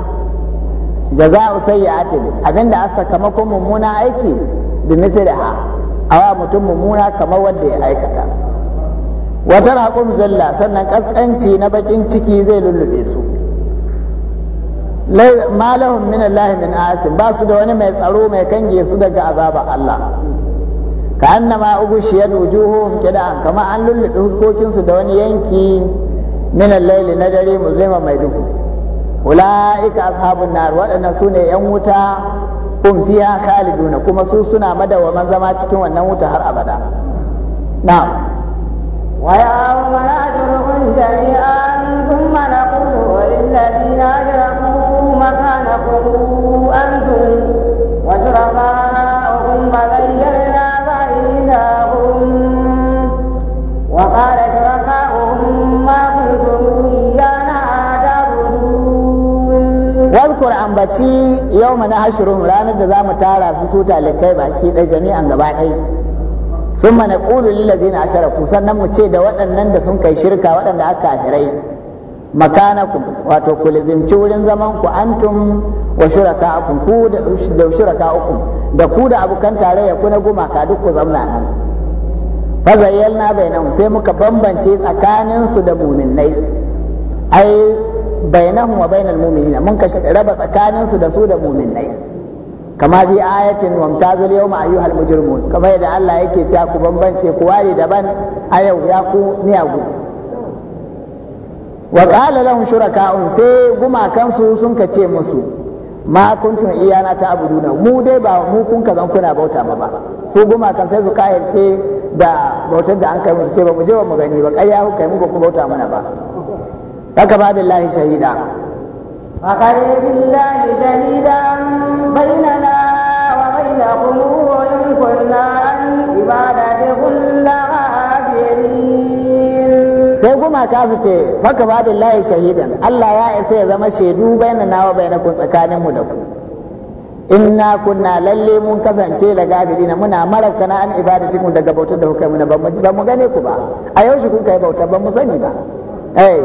jaza'u sayyi'atin abinda a sakamakon mummuna aiki bi mithliha awa mutum mummuna kamar wanda ya aikata watar haƙun zalla sannan ƙasƙanci na bakin ciki zai lullube su ma lahum min allahi min asim ba su da wani mai tsaro mai kange su daga azaba Allah ka annama ugushiyat wujuhum kida kamar an lullube huskokin su da wani yanki min al na dare muslima mai duhu ula'ika ashabun nar waɗannan su ne yan wuta hum fiha khaliduna kuma su suna madawwaman zama cikin wannan wuta har abada na'am wa yawma najruhum jami'an thumma naqulu lil ladina ajramu makanakum antum wa shurakaakum fa zayyana bainahum wadkur ambaci yau na hashirun ranar da za mu tara su su talikai baki ɗaya jami'an gaba ɗaya sun mana ƙulu lillazina asharaku sannan mu ce da waɗannan da sun kai shirka waɗanda aka hirai makanaku wato ku lizimci wurin zaman ku antum wa uku, ku da da ku da abokan tarayya ku na gumaka duk ku zamna nan na bai bainahum sai muka bambance tsakaninsu da mu'minnai ai bainahum wa bainal mu'minina mun ka raba tsakanin su da su da mu'minai kama bi ayatin wa mtazul yawma ayyuhal mujrimun kama yadda Allah yake cewa ku bambance ku ware daban a yau ya ku miyagu wa qala lahum shuraka'un sai gumakan su sun kace musu ma iyana ta abuduna mu dai ba mu kun kazan kuna bauta ba ba su gumakan sai su kayance da bautar da an kai musu ce ba mu je ba mu gani ba ƙarya hukai kai mu ba ku bauta mana ba فكفى بالله شهيدا فكفى بالله شهيدا بيننا وبينكم وإن كنا عن عبادتكم sai gumaka su ce faka ba billahi shahidan Allah ya isa ya zama shaidu baina na wa baina kun tsakaninmu da ku inna kunna lalle mun kasance la gafirina muna marabka na an ibadatikum daga bautar da kuka muna ba mu gane ku ba a yau shi kun kai bautar ba mu sani ba eh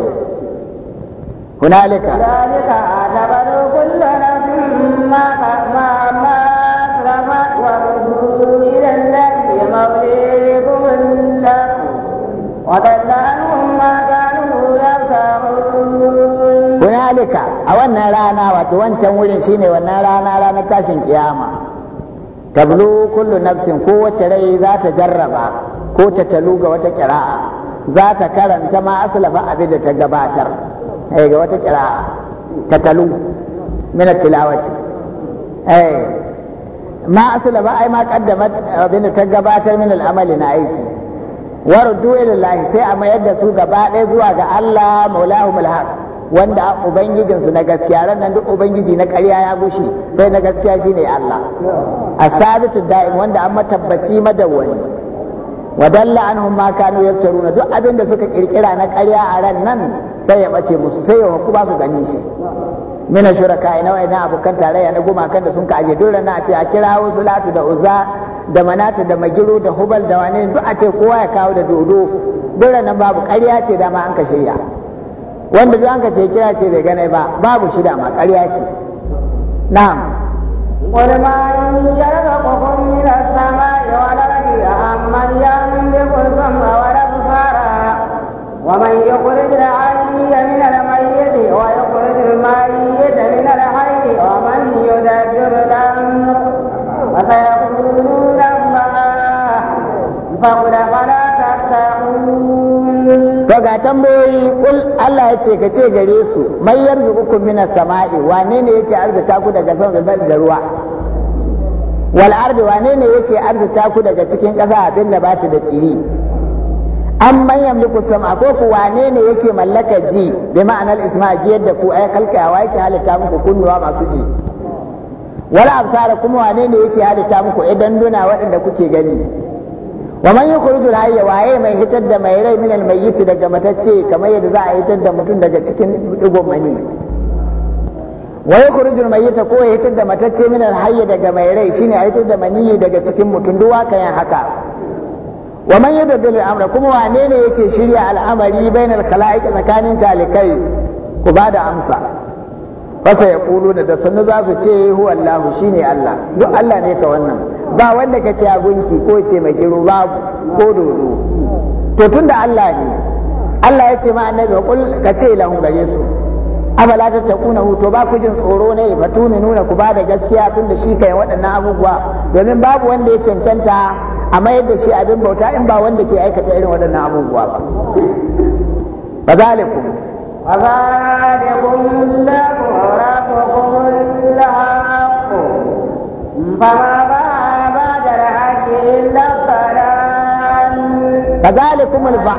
هنالك هنالك اعتبروا كل نفس ما ما اسلمت وردوا الى الذي موليكم الله وضل عنهم ما كانوا يفترون هنالك a wannan rana wato wurin shine wannan rana ranar tashin kiyama tablu kullu nafsin kowace rai za ta jarraba ko ta talu ga wata kira'a za ta karanta ma asalaba abin da ta gabatar eh ga wata kira'a tatalu min tilawati eh ma asala ba ai ma qaddamat abinda ta gabatar min al'amali na aiki wardu ilallahi sai a mayar da su gaba ɗaya zuwa ga Allah maulahu alhaq wanda ubangijin su na gaskiya ran duk ubangiji na ƙarya ya gushi, sai na gaskiya shine Allah as-sabitu da'im wanda an matabbaci madawwani wa dalla anhum ma kanu yaftaruna duk abin da suka kirkira na ƙarya a ran nan sai ya bace musu sai ya hukuma su gani shi mina shuraka ina wa na abokan tarayya na gumakan da sun ka aje dole na a ce a kira wasu latu da uza da manata da magiru da hubal da wane duk a ce kowa ya kawo da dodo dole nan babu ƙarya ce dama an ka shirya wanda duk an ka ce kira ce bai gane ba babu shi dama ƙarya ce na'am qul ma yanzuru min as-sama'i من يملك السمع والابصار ومن يخرج الحي من الميت ويخرج الميت من الحي ومن يدبر الامر فسيقولون الله فقل فلا to ga tambayoyi kul Allah ya ce ka ce gare su mai yarzuqukum minas sama'i wane ne yake arzuta ku daga sama da ruwa wal ardi wane ne yake arzuta ku daga cikin ƙasa abin da bata da tsiri an man yamliku sam'a ko ku wane ne yake mallakar ji bi ma'anar isma ji yadda ku ai halkawa yake halitta muku kunnuwa masu ji wal absara kuma wane ne yake halitta muku idan duna waɗanda kuke gani wa man yukhrijul hayya waye mai hitar da mai rai al mayyit daga matacce kamar yadda za a hitar da mutum daga cikin digon mani wa yukhrijul mayyita ko ya hitar da matacce min hayya daga mai rai shine a hitar da maniyi daga cikin mutum duwa yin haka wa man yudabbiru amra kuma wane ne yake shirya al'amari bainal khala'iq tsakanin talikai ku ba da amsa fasa ya kulu da sannu za su ce huwa Allah shine Allah duk Allah ne ka wannan ba wanda ka ce gunki ko ce mai giro ko dodo to tunda Allah ne Allah ya ce ma annabi kul ka ce lahun gare su abala ta takuna to ba ku jin tsoro ne ba tu nuna ku ba da gaskiya tun da shi kai waɗannan abubuwa domin babu wanda ya cancanta a mayar da shi abin bauta in ba wanda ke aikata irin waɗannan abubuwa ba fazalikum fazalikum lahu rabbukum ba ba da ba.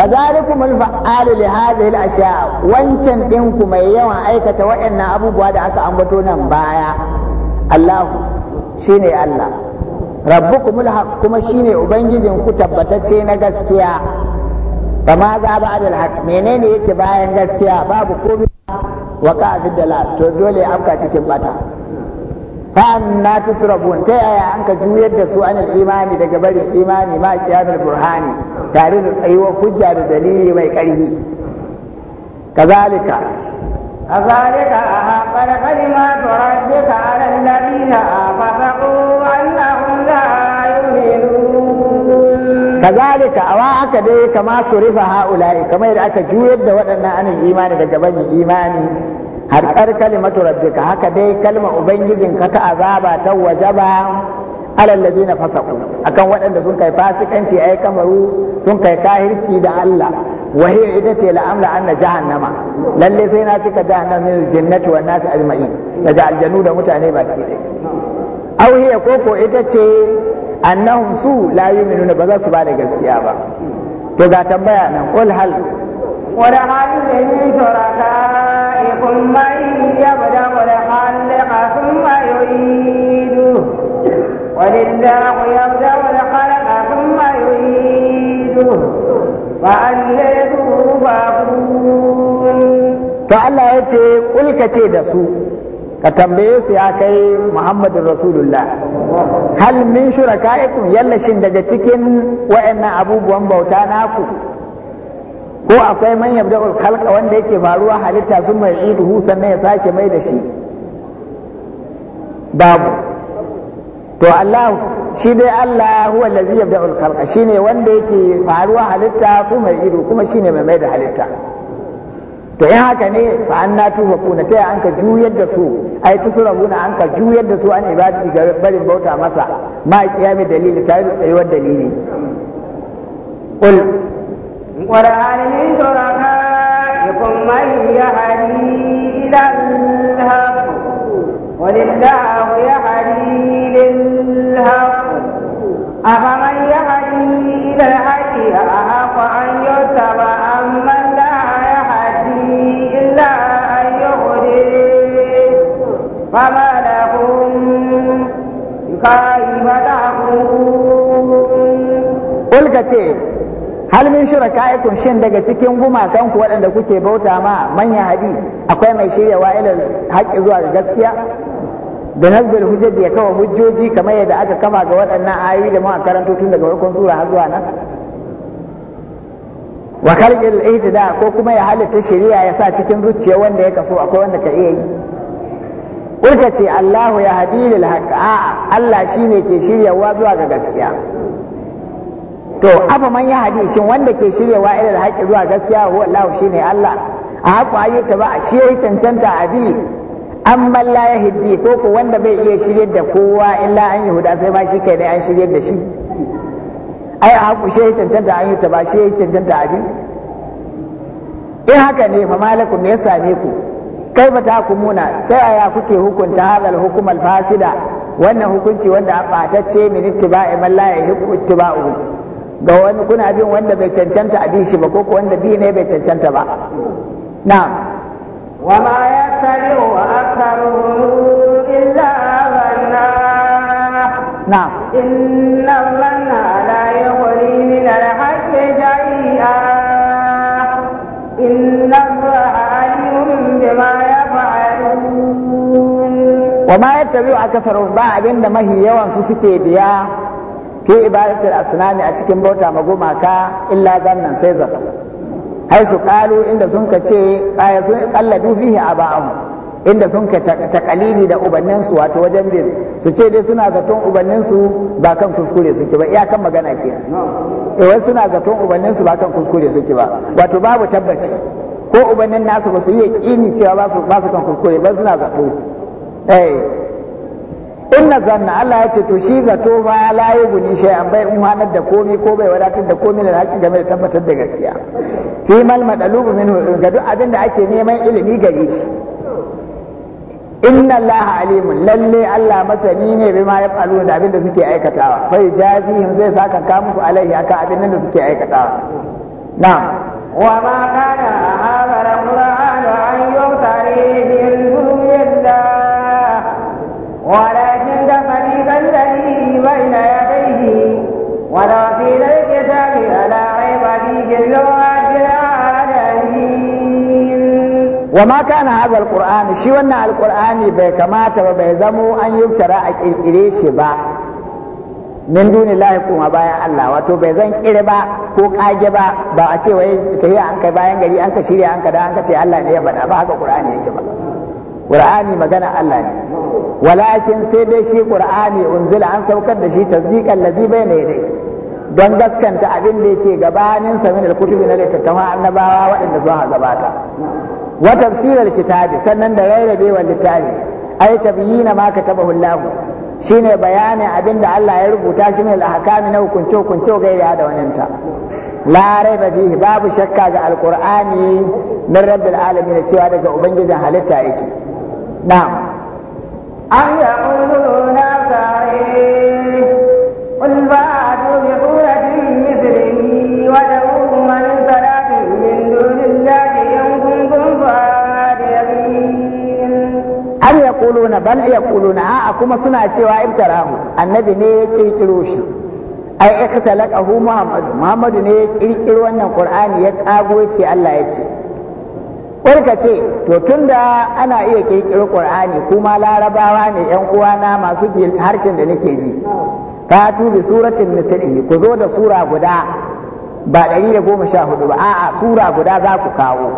kazalikum al-fa'alu li hadhihi al-ashya wancan ɗinku mai yawan aikata waɗannan abubuwa da aka ambato nan baya Allah shine Allah rabbukum al kuma shine ubangijin ku tabbatacce na gaskiya fa za ba da haq menene yake bayan gaskiya babu komai wa ka dalal to dole afka cikin ɓata. fa'an na tusrabun ta yaya an ka juyar da su anil imani daga barin imani ma kiyamul burhani tare da tsayuwar hujja da dalili mai ƙarfi kazalika kazalika ahqara kalimatu a ala alladhina fasaqu annahum la yu'minun kazalika wa aka dai kama surifa haula'i kamar yadda aka juyar da waɗannan anil imani daga barin imani har kar kalimatu rabbika haka dai kalma ka ta azaba ta wajaba alal ladzina fasaku akan waɗanda sun kai fasikanci ai kamaru sun kai kahirci da Allah wahiya ita ce la'amla anna jahannama lalle sai na cika jahannama min jannati wan nasi ajma'in daga aljanu da mutane baki ɗaya aw hiya koko ita ce annahum su la yu'minuna ba za su ba da gaskiya ba to ga tambaya nan qul hal wa hal min shuraka منكم من يبدأ ثم يعيده ولله يبدأ الخلق ثم يعيده وأليه تفاقون to Allah ya ce kulka ce da su ka tambaye su ya kai Muhammadu Rasulullah hal min shurakaikum yalla daga cikin wa'annan abubuwan bauta naku ko akwai man yabda'ul khalqa wanda yake faruwa halitta sun mai iduhu sannan ya sake mai da shi babu to Allah shi dai Allah huwa allazi yabda'ul khalqa shine wanda yake faruwa halitta su mai ido kuma shine mai mai da halitta to in haka ne fa anna tufakuna ta an ka juyar da su ai tusrabuna an ka juyar da su an ibadati ga barin bauta masa ma kiyami dalili tare da tsayuwar dalili qul قل من شركائكم من يهدي إلى الحق قل يهدي للحق أفمن يهدي إلى الحق أحق أن يتبع أمن لا يهدي إلا أن يهدي فما لكم كيف تحكمون قل كتير hal min shuraka'ikum shin daga cikin gumakan ku waɗanda kuke bauta ma manya hadi akwai mai shiryawa ilal haƙƙi zuwa ga gaskiya da nazbil hujjaj ya kawo hujjoji kamar yadda aka kama ga waɗannan ayoyi da muka karanto tun daga farkon sura har zuwa nan wa khalqil ihtida ko kuma ya halitta shari'a ya sa cikin zuciya wanda ya kaso akwai wanda ka iya yi kulka ce Allahu ya hadi lil Allah shine ke shiryawa zuwa ga gaskiya to afa man ya hadi wanda ke shiryawa ila haƙƙi zuwa gaskiya huwa Allah shine Allah a haƙu ayyuta ba shi yayi tantanta abi an malla ya hiddi ko ko wanda bai iya shiryar da kowa illa an yi huda sai ma shi kai ne an shiryar da shi ai a haƙu shi yayi tantanta ayyuta ba shi yayi tantanta abi in haka ne fa me ya same ku kai ba ta muna ta yaya kuke hukunta hadal hukumal fasida wannan hukunci wanda a ɓatacce min ittiba'i man la yahiqu ittiba'uhu ga wani kuna bin wanda bai cancanta a shi ba ko wanda bi ne bai cancanta ba na'am wa ma tsari wa aktharuhum illa dhanna na'am inna dhanna la yughni min al-haqqi shay'a inna allaha alimun bima yaf'alun wa ma yattabi'u aktharuhum ba abinda mahi yawan su suke biya ke ibadatul asnami a cikin bauta ma illa zannan sai zato hai su kalu inda sun ka ce kaya sun kalladu fihi aba'ahu inda sun ka takalini da ubannin su wato wajen bin su ce dai suna zaton ubannin su ba kan kuskure suke ba kan magana ke eh wai suna zaton ubannin su ba kan kuskure suke ba wato babu tabbaci ko ubannin nasu ba su yi yaqini cewa ba su kan kuskure ba suna zato eh inna zanna Allah ya ce to shi zato ba ya layi guni shi an bai umhanar da komi ko bai wadatar da komi da haƙi game da tabbatar da gaskiya fi mal madalubu minhu ga duk abin da ake neman ilimi gare shi inna Allah alimun lalle Allah masani ne bi ma ya yafalu da abin da suke aikatawa fa jazihim zai saka ka musu alaihi aka abin da suke aikatawa na'am wa ma kana hadha al-qur'an an yuftari min yadda ولكن تصديق الذي بين يديه وتفصيل الكتاب على ريب فيه اللغة العالمين وما كان هذا القرآن shi wannan القرآن bai kamata ba يبترى zamo an yubtara a kirkire shi ba min duni lahi kuma bayan Allah wato bai zan kire ba ko kage ba ba a ce wai tahi an kai bayan gari an ka shirya an ka an ka ce Allah ne ya faɗa ba haka qur'ani yake ba qur'ani magana Allah ne walakin sai dai shi qur'ani unzila an saukar da shi tasdiqan lazi bayna yadayhi don gaskanta abin da yake gabanin sa min alkutubi na littattafan annabawa waɗanda sun ha gabata wa tafsirar kitabi sannan da rarrabewar littafi ai tabyina ma katabahu Allah shine bayanin abin da Allah ya rubuta shi min alhakami na hukunce hukunce gaira da waninta la raiba fihi babu shakka ga alqur'ani min rabbil alamin cewa daga ubangijin halitta yake na'am أم يقولون أفتريه قل فأتوا بصورة مثله ودعوا من استطعتم من دون الله إن كنتم صادقين أم يقولون بل يقولون سوى ابتراه النبي ne kirkiro shi ai ikhtalaqahu muhammadu Muhammadu ne ya kirkiro wannan qur'ani ya kago yace Allah yace warka ce, to tunda ana iya kirkiri Ƙur'ani kuma larabawa ne ‘yan uwana masu harshen da nake ji, ka tubi suratin mitilihi ku zo da sura guda ba ɗari da goma sha hudu ba, a'a sura guda za ku kawo,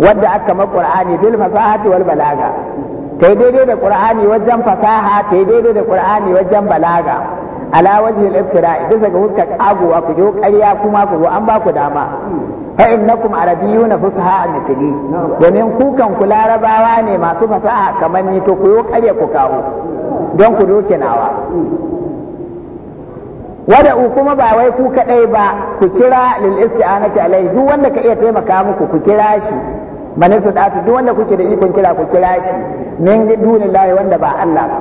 wadda aka ma Ƙur'ani bil fasahati wal balaga. Ta yi daidai da Ƙur'ani wajen fasaha, ta yi daidai da Ƙur'ani wajen balaga. Ala iftira iftira'i bisa ga huskar agowa ku je ƙarya kuma ku an ba ku dama. fa innakum arabiyuna fusaha mithli domin kukan ku larabawa ne masu fasaha kamar ni to ku yi kare ku kawo don ku doke nawa wada u kuma ba wai ku kadai ba ku kira lil isti'anati alai duk wanda ka iya taimaka muku ku kira shi manisa duk wanda kuke da ikon kira ku kira shi min dunillahi wanda ba Allah ba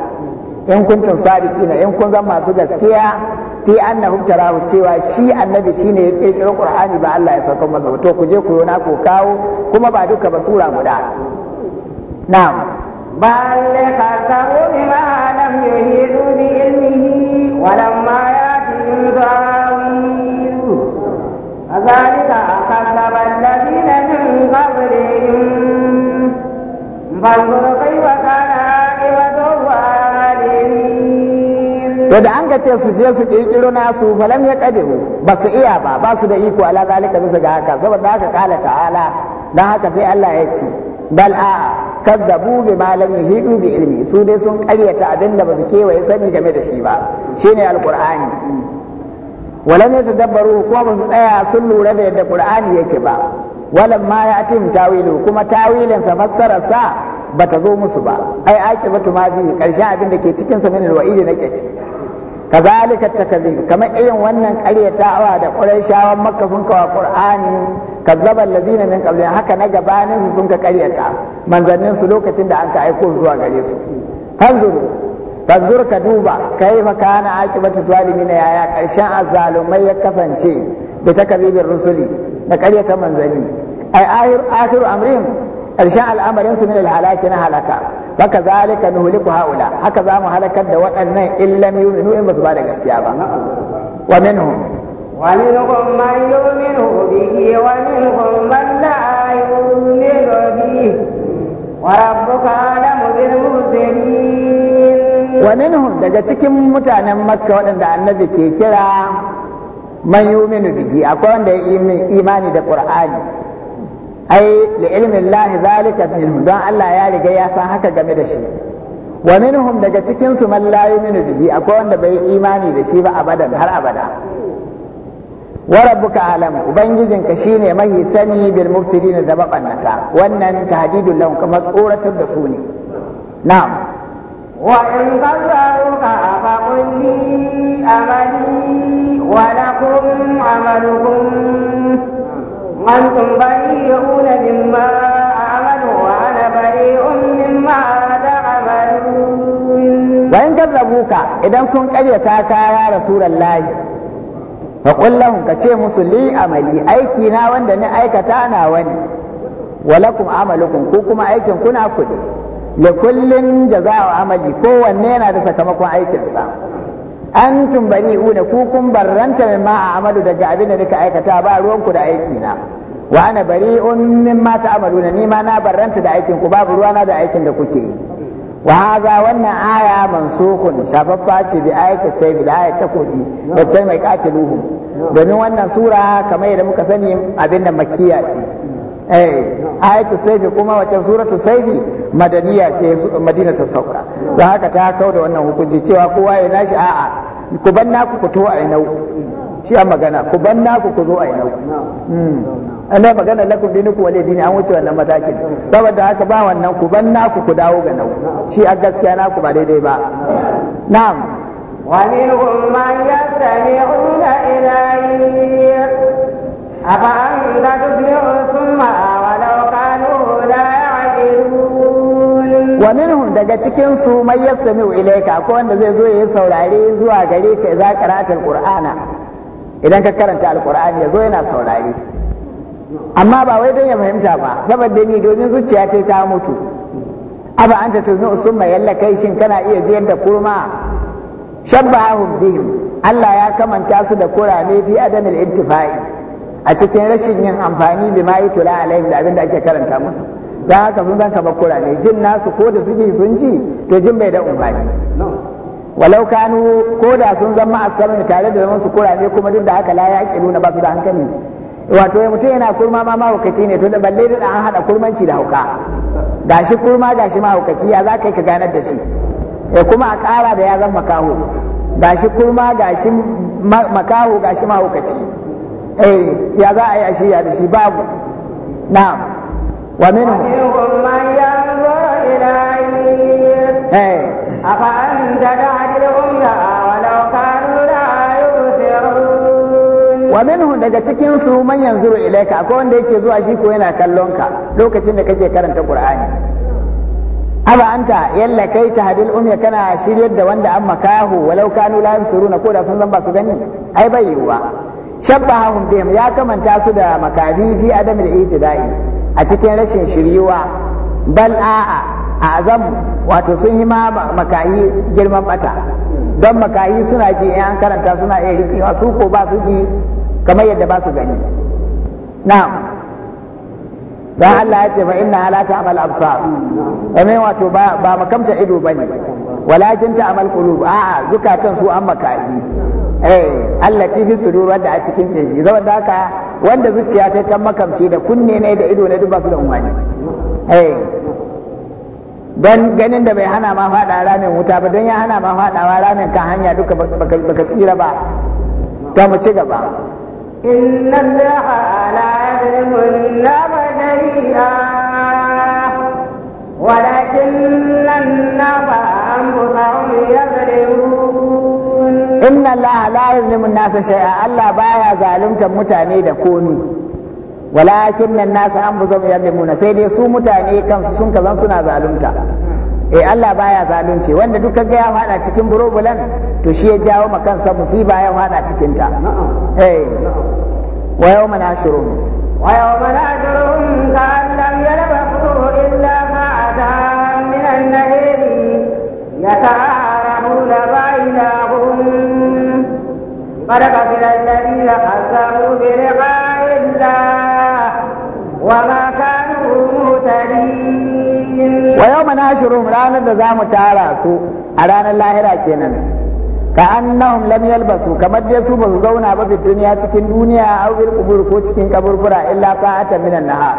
in kuntum sadiqina in kun zan masu gaskiya fi annahum tarahu cewa shi annabi shine ya kirkiro qur'ani ba Allah ya sauka masa to ku je ku na ku kawo kuma ba duka ba sura guda na'am بل كذبوا بما لم يهيدوا بعلمه ولما ياتهم تاويل كذلك كذب الذين من قبلهم فانظر كيف كان to da an ce su je su kirkiro nasu falam ya kadiru ba su iya ba ba su da iko ala zalika bisa ga haka saboda haka kala ta'ala dan haka sai Allah ya ce bal a kazzabu bi malami, lam bi ilmi su dai sun karyata abinda ba su kewaye sani game da shi ba shine alqur'ani walam yatadabbaru ko ba su tsaya sun lura da yadda qur'ani yake ba walam ma ya'tim tawilu kuma tawilin sa fassara sa bata zo musu ba ai aqibatu ma bi karshen abin da ke cikin sa min alwa'idi na kace kazalika takzib kamar irin wannan awa da quraishawan makka sun kawa qur'ani kazzaba allazina min qablihim haka na gabanin su sun ka ƙaryata manzannin lokacin da an ka aiko zuwa gare su hanzuru fanzur ka duba kaifa kana aqibatu zalimin yaya karshen azzalumai ya kasance da takzibin rusuli na ƙaryata manzanni ai ahiru karshen al'amarin su min halaki na halaka faka zalika nuhliku haula haka za mu halakar da waɗannan illam yuminu in basu ba gaskiya ba wa minhum ومنهم من يؤمن به ومنهم من لا يؤمن به وربك أعلم بالمرسلين ومنهم daga cikin mutanen makka waɗanda annabi ke kira manyuminu bihi akwai wanda imani da ƙur'ani. ai li ilmin lahi zalika minhum don Allah ya riga ya san haka game da shi wa minhum daga cikin su man la yu'minu bihi akwai wanda bai imani da shi ba abadan har abada wa rabbuka ubangijin ka shine mahi sani bil mufsidin da mabannata wannan tahdidul lahum kuma tsoratar da su ne na'am وإن قدروك فقل لي أملي ولكم عملكم وأنتم بريئون مما آمنوا وأنا بريء مما تعملون وإن كذبوك إذا سن قريتاك يا رسول الله فقل لهم كتي مسلي عملي أيكينا وندني أيكتانا وني ولكم عملكم كوكما أيكم كنا كلي لكل جزاء عملي كو ونينا da sakamakon aikinsa An tumbari una ku kun barranta min ma a'malu daga abin da nika aikata ba ruwan ku da aiki na wa ana ta mimma na, ni ma na barranta da aikin ku babu ruwana da aikin da kuke yi wa haza wannan aya mansukun shafaffa ce bi ayati sai da ta kodi wacce mai qatiluhum domin wannan sura kamar yadda muka sani abin da makkiya ce eh ayatu saifi kuma wacce suratu saifi madaniya ce madina ta sauka don haka ta kau da wannan hukunci cewa kowa ya nashi a'a ku ban naku ku to a nau shi a magana ku ban naku ku zo a nau hmm. ana magana lakum ku wale dini an wuce wannan matakin saboda haka ba wannan ku ban naku ku dawo ga nau shi a gaskiya naku ba daidai ba na'am ومنهم man يستمعون ilayhi أفأنت تسمع الصم ولو كانوا لا يعقلون daga cikin su mai yastami'u ilaika ko wanda zai zo yayin saurare zuwa gare ka za karatu alqur'ana idan ka karanta alqur'ani ya zo yana saurare amma ba wai don ya fahimta ba saboda ni domin zuciya ta ta mutu aba anta tuzmi'u summa yalla kai shin kana iya jiyar da kurma shabbahum bihim Allah ya kamanta su da kurame fi adamil intifa'i a cikin rashin yin amfani bi ma yutula alaihim da abin da ake karanta musu don haka sun zanka bakura ne jin nasu ko da suke sun ji to jin bai da umfani walau kanu ko da sun zama asamin tare da zaman su kurame kuma duk da haka la nuna na basu da hankali wato mutum yana kurma ma mahaukaci ne to da balle da an hada kurmanci da hauka gashi kurma gashi mahaukaci ya za ka yi ka ganar da shi e kuma a ƙara da ya zama makaho gashi kurma gashi makaho gashi mahaukaci eh ya za a yi ashiya da shi babu na wa minu. Eh. wa minhum daga cikin su man yanzuru ilayka akwai wanda yake zuwa shi ko yana kallon ka lokacin da kake karanta qur'ani aba anta yalla kai tahdil ummi kana shiryar da wanda an kahu walau kanu la yusiruna ko da sun zan ba su gani ai bai yiwuwa shabbahum bihim ya kamanta su da makafi fi adam da itida'i a cikin rashin shiryuwa bal a'a azam wato sun hima makahi girman bata don makahi suna ji in an karanta suna iya rikewa su ko ba su ji kamar yadda ba su gani na'am don Allah ya ce fa inna la ta'mal absar amma wato ba ba makamta ido bane walakin ta'mal qulub a'a zukatan su an makahi Eh, Allah ti fi sudur wanda a cikin kirji zama da haka wanda zuciya ta ta makamci da kunne ne da ido ne duk ba su da umarni eh, don ganin da bai hana ma faɗa ramin wuta ba don ya hana ma faɗawa ramin kan hanya duka baka tsira ba ta mu ci gaba inna allaha ala yadrimun nama walakin an inna Allah la yuzlimu nasa shay'a Allah baya zaluntar mutane da komi walakin nan nasa an buzo yallimuna sai dai su mutane kansu sun kazan suna zalunta eh Allah baya zalunce, wanda duka ga ya fada cikin burobulan to shi ya jawo ma kansa musiba ya fada cikin ta eh wa yawma nashurun wa yawma nashurun kan lam yalbasu illa sa'atan min an-nahir yata'a قد خسر الذين كذبوا بلقاء الله وما كانوا مهتدين ويوم نحشرهم رانا دزام تعالى سوء أرانا الله راكينا ka annahum lam yalbasu kamar dai su basu zauna ba fi duniya cikin duniya aw bil qubur ko cikin kaburbura illa sa'atan minan nahar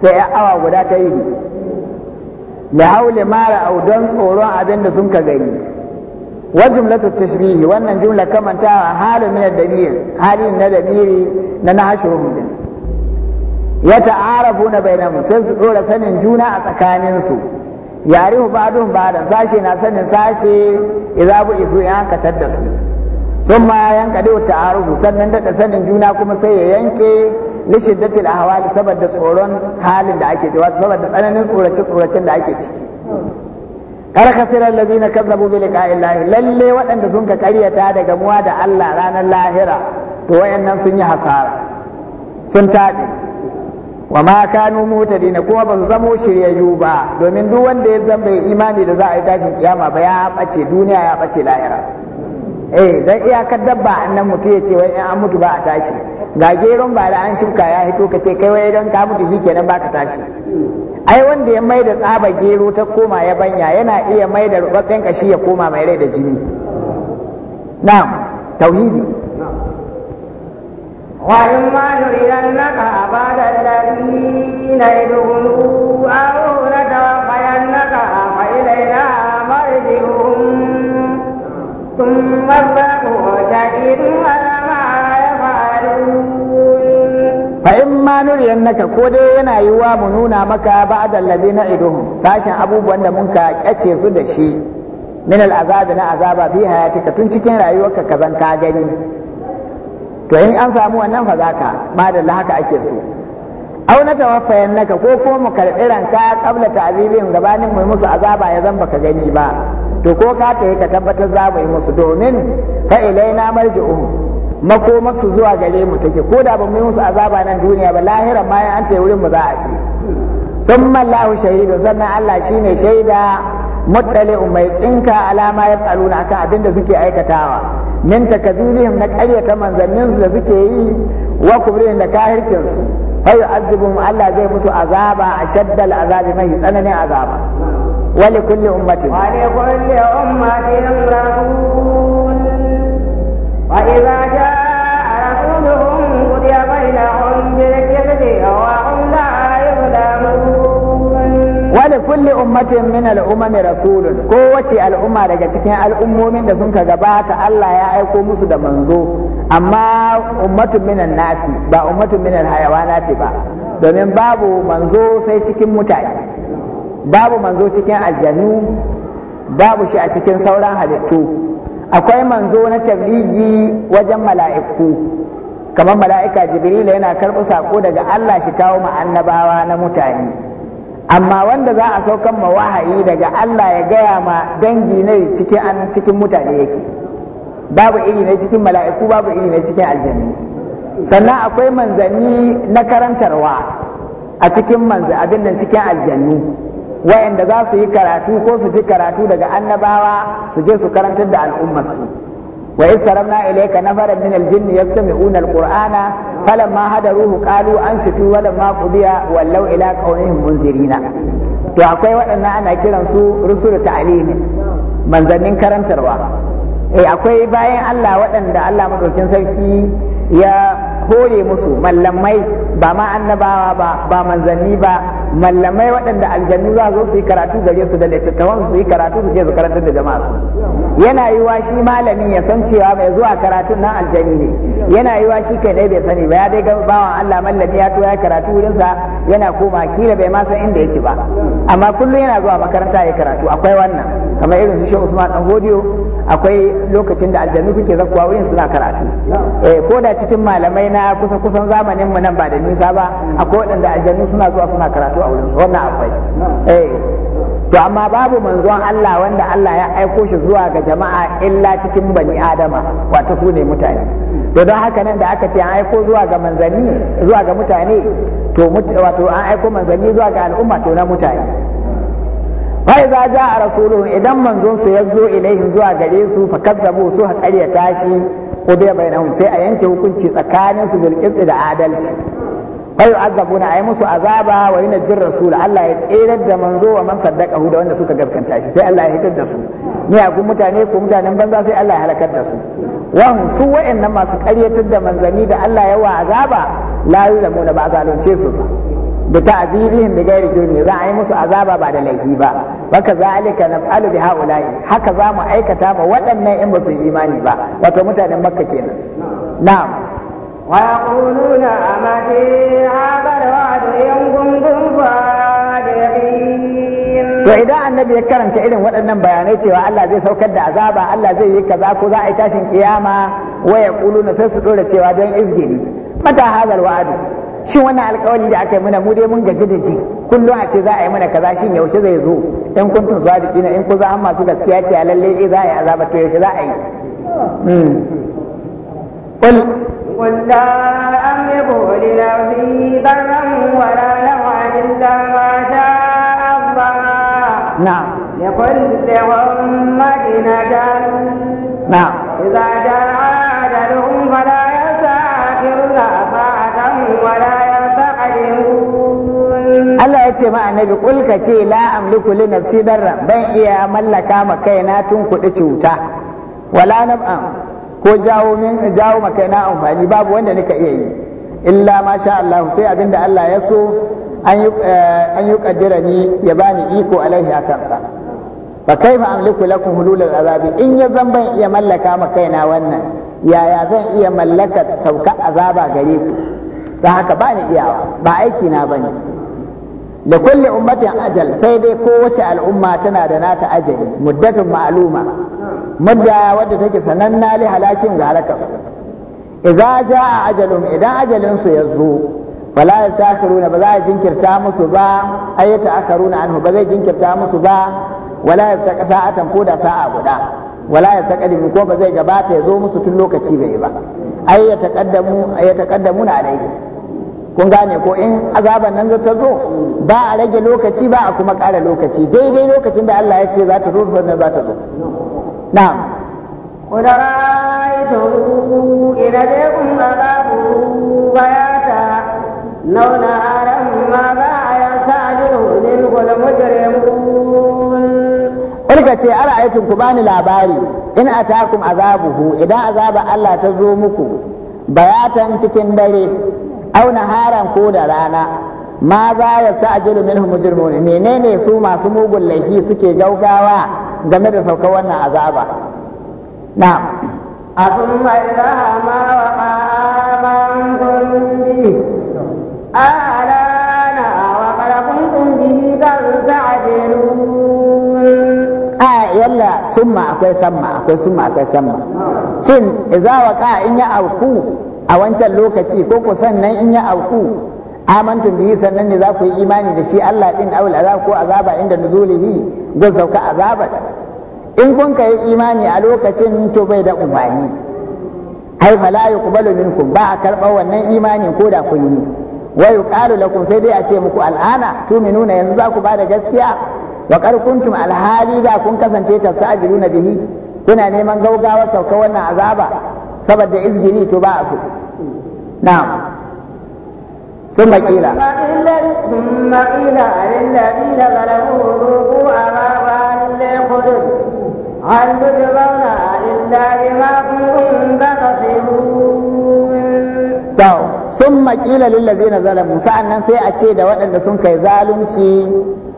sai ya awa guda ta yi li haule mara audon tsoron abin da sun ka gani wa jumlatu tashbihi wannan jumla kamantawa halin min dabir halin na dabiri na nahshuruhum din ya ta'arafu na mun sai su dora sanin juna a tsakanin su yarihu ba ba'dan sashe na sanin sashe idza bu isu ya katar da su sun ma yanka da ta'arufu sannan daɗa sanin juna kuma sai ya yanke lishiddatil ahwali saboda tsoron halin da ake ciki saboda tsananin tsorace-tsoracen da ake ciki kar khasira allazina kazzabu bi liqa'i llahi lalle waɗanda sun ka karyata daga gamuwa da Allah ranar lahira to wayannan sun yi hasara sun tabe wa ma kanu mutadina kuma ba su zamo shiryayyu ba domin duk wanda ya zan bayi imani da za a yi tashin kiyama ba ya bace duniya ya bace lahira eh dan iyakar dabba annan mutu ya ce wai in an mutu ba a tashi ga geron ba da an shuka ya hito ka ce kai wai don ka mutu shikenan ba ka tashi ai wanda ya mai da tsaba gero ta koma ya banya yana iya mai da rubaben kashi ya koma mai rai da jini na tauhidi wa'in ma yuridan na ka abada lari na idunu a wuri da bayan na ka mai laina mai jihun tun masu shaƙi imma naka ko dai yana yiwuwa mu nuna maka ba'da lazina iduhu sashen abubuwan da mun ka su da shi min al'azabi na azaba fi hayatika tun cikin rayuwarka zan ka gani to in an samu wannan fa zaka da haka ake so au na tawaffayan naka ko kuma mu karɓi ranka qabla ta'azibin gabanin mu musu azaba ya zan baka gani ba to ko ka tayi ka tabbatar za mu yi musu domin fa ilaina marji'uhum makoma su zuwa gare mu take ko da ban yi musu azaba nan duniya ba lahiran ma an ce wurin mu za a ce sun mallahu shahidu sannan Allah shine shaida muddale mai tsinka alama ya na kan abin da suke aikatawa min takazibihim na ƙaryata manzannin su da suke yi wa kubrin da kahircin su fa yu'adzibuhum Allah zai musu azaba ashaddal azabi mai tsananin azaba wali kulle kulli ummatin wa kulli ummatin rasul wani ummatin min mai rasulun ko wace al'umma daga cikin al'ummomin da sun ka gabata Allah ya aiko musu da manzo amma ummatin min nasi ba ummatin min hayawana ce ba domin babu manzo sai cikin mutane babu manzo cikin aljannu babu shi a cikin sauran halittu akwai manzo na tabligi wajen mala'iku kamar mala'ika jibrila yana karɓi saƙo daga Allah shi kawo ma annabawa na mutane amma wanda za a saukan ma wahayi daga Allah ya gaya ma dangi ne cikin mutane yake babu iri ne cikin mala'iku babu iri ne cikin aljannu sannan akwai manzanni na karantarwa a cikin manzan abin nan cikin aljannu wayanda za su yi karatu ko su ji karatu daga annabawa su je su karantar da al'ummarsu wa Ilaika na nafaran min aljinn yastami'una alqur'ana ruhu hadaruhu qalu ansitu walamma qudiya wallaw ila qaumihim munzirina to akwai waɗannan ana kiran su rusul ta'limin manzannin karantarwa eh akwai bayan Allah waɗanda Allah madaukin sarki ya hore musu mallamai ba ma annabawa ba ba manzanni ba mallamai waɗanda aljannu za zo su yi karatu gare su da littattafan su yi karatu su je su karantar da jama'a su yana yiwa shi malami ya san cewa mai zuwa karatun nan aljani ne yana yiwa shi kai dai bai sani ba ya dai ga bawan Allah mallami ya to ya karatu wurin sa yana koma kila bai ma san inda yake ba amma kullum yana zuwa makaranta ya karatu akwai wannan kamar irin su Sheikh Usman Dan Hodiyo akwai lokacin da aljanu suke zakuwa wurin suna karatu eh ko da cikin malamai na kusa kusan zamanin mu nan ba da nisa ba akwai waɗanda aljanu suna zuwa suna karatu a wurin su wannan akwai eh to amma babu manzon Allah wanda Allah ya aiko shi zuwa ga jama'a illa cikin bani adama wato su ne mutane to don haka nan da aka ce an aiko zuwa ga manzanni zuwa ga mutane to wato an aiko manzanni zuwa ga al'umma to na mutane fa idza jaa rasuluhum idan manzon su yazo ilaihim zuwa gare su fa kazzabu su ha kariya tashi ko bai bainahum sai a yanke hukunci tsakanin su bil qisti da adalci fa yu'azzabuna ay musu azaba wa yunajjir rasul Allah ya tsirar da manzo wa man hu da wanda suka gaskanta shi sai Allah ya hitar da su ne a gun mutane ko mutanen banza sai Allah ya halakar da su wa su wa'annan masu ƙaryatar da manzani da Allah ya wa azaba la yulamuna ba zalunce su ba bi ta'zibihim bi ghairi jurmi za a yi musu azaba ba da laifi ba waka zalika naf'alu bi haula'i haka za mu aikata ma waɗannan in ba su imani ba wato mutanen makka kenan na'am ويقولون أمتي هذا الوعد إن كنتم صادقين to idan annabi ya karanta irin waɗannan bayanai cewa Allah zai saukar da azaba Allah zai yi kaza ko za a yi tashin kiyama waya kuluna sai su dora cewa don izgiri mata hazal wa'adu shin wannan alkawari da aka yi mana mu dai mun gaji da ji kullum a ce za a yi mana kaza shin yaushe zai zo in kuntum sadiqina in ku za an masu gaskiya ce a lalle eh za a yi azaba to yaushe za a yi قل قل لا أملك لنفسي ضرا ولا نفعا إلا ما شاء الله نعم لكل أمة أجل نعم ce ma annabi kul ka ce la amliku li nafsi darra ban iya mallaka ma kaina tun kuɗi cuta wala nab'am ko jawo min jawo ma kaina amfani babu wanda nika iya yi illa ma sha Allah sai abinda Allah ya so an yi kaddara eh, ni ya bani iko alaihi akan sa fa kaifa amliku lakum hulul azabi in ya zan ban iya mallaka ma kaina wannan yaya zan iya mallaka sauka azaba gare ku Da haka ba iyawa ba aiki na bane da kulli ummatin ajal sai dai kowace al'umma tana da nata ajali muddatun ma'aluma mudda wadda take sananna li halakin ga halakarsu idza jaa ajalum idan ajalin su ya zo yastakhiruna ba za a jinkirta musu ba ay ta'akhiruna anhu ba zai jinkirta musu ba wala yastaqa sa'atan ko da sa'a guda wala yastaqdimu ko ba zai gabata ya zo musu tun lokaci bai ba ay yataqaddamu ay na alaihi kun gane ko in azaban nan zai ta zo ba a rage lokaci ba a kuma ƙara lokaci daidai lokacin da Allah ya ce za ta zo sannan za ta zo na'am qul ra'aytum in alaykum azabu bayata law na'aram ma za yasajiru lil mujrimun Ulka ce ara'aytum ku bani labari in atakum azabuhu idan azaba Allah ta zo muku bayatan cikin dare au naharan ko da rana ma za ya sa ta'jilu minhu mujrimun menene su masu mugun laifi suke gaugawa game da sauka wannan azaba na A أثم إذا ما وقع آمنتم به آلانا وقد كنتم به yalla summa akwai samma akwai summa akwai samma shin idza waqa in ya auku a wancan lokaci ko ku sannan in ya auku amantun bihi sannan ne za ku yi imani da shi Allah din awul azab ko azaba inda nuzulihi go sauka azaba in kun kai imani a lokacin to bai da umani ai fala yuqbalu minkum ba a karba wannan imani ko da kun yi wa yuqalu lakum sai dai a ce muku al'ana tuminuna yanzu za ku da gaskiya wa qad alhali da kun kasance tasta'jiluna bihi kuna neman gaugawa sauka wannan azaba saboda izgini to ba a so na sun ba kila to sun ma lilla lillazi na sa'an nan sai a ce da waɗanda sun kai zalunci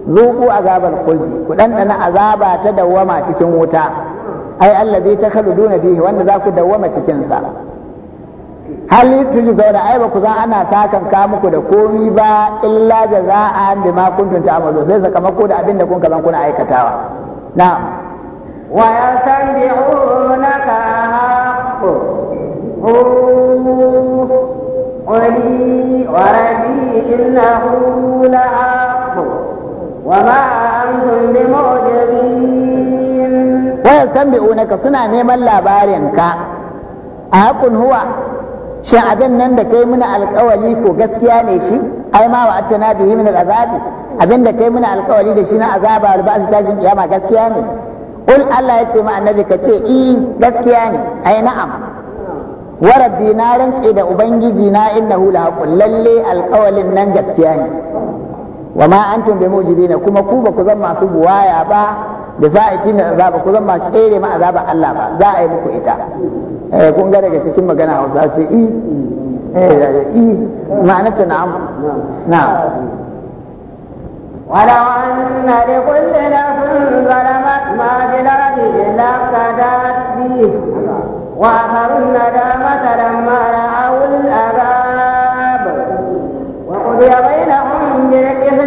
zuɓu a azabar khuldi ku dandana azaba ta dawwama cikin wuta ai Allah allazi takhaluduna fihi wanda za ku dawwama cikin sa tuju tujzauna ai ba ku za ana sakan ka muku da komi ba illa jaza'an bima kuntum ta'malu sai sakamako da abin da kun kazan kuna aikatawa na'am wa yasanbi'unaka haqqu قولي وربي إنه لحق وما أنتم بمعجزين wayar unaka suna neman labarinka a hakun huwa shin abin nan da kai muna alkawali ko gaskiya ne shi ai ma wa attana bihi min al'azabi abin da kai muna alkawali da shi na azaba alba'su tashin kiyama gaskiya ne qul Allah ya ce ma annabi kace i gaskiya ne ai na'am wa rabbi na rantse da ubangiji na innahu la lalle alkawalin nan gaskiya ne wa ma antum bi mujidina kuma ku ba ku zama masu buwaya ba da fa'itin azaba ku zama tsere ma azaba Allah ba za a yi muku ita eh kun ga daga cikin magana a Hausa ce i eh i ma'anatu na'am na'am ولو أن لكل نفس ظلمت ما في wa إلا da به وأثروا الندامة لما رأوا العذاب وقضي بينهم to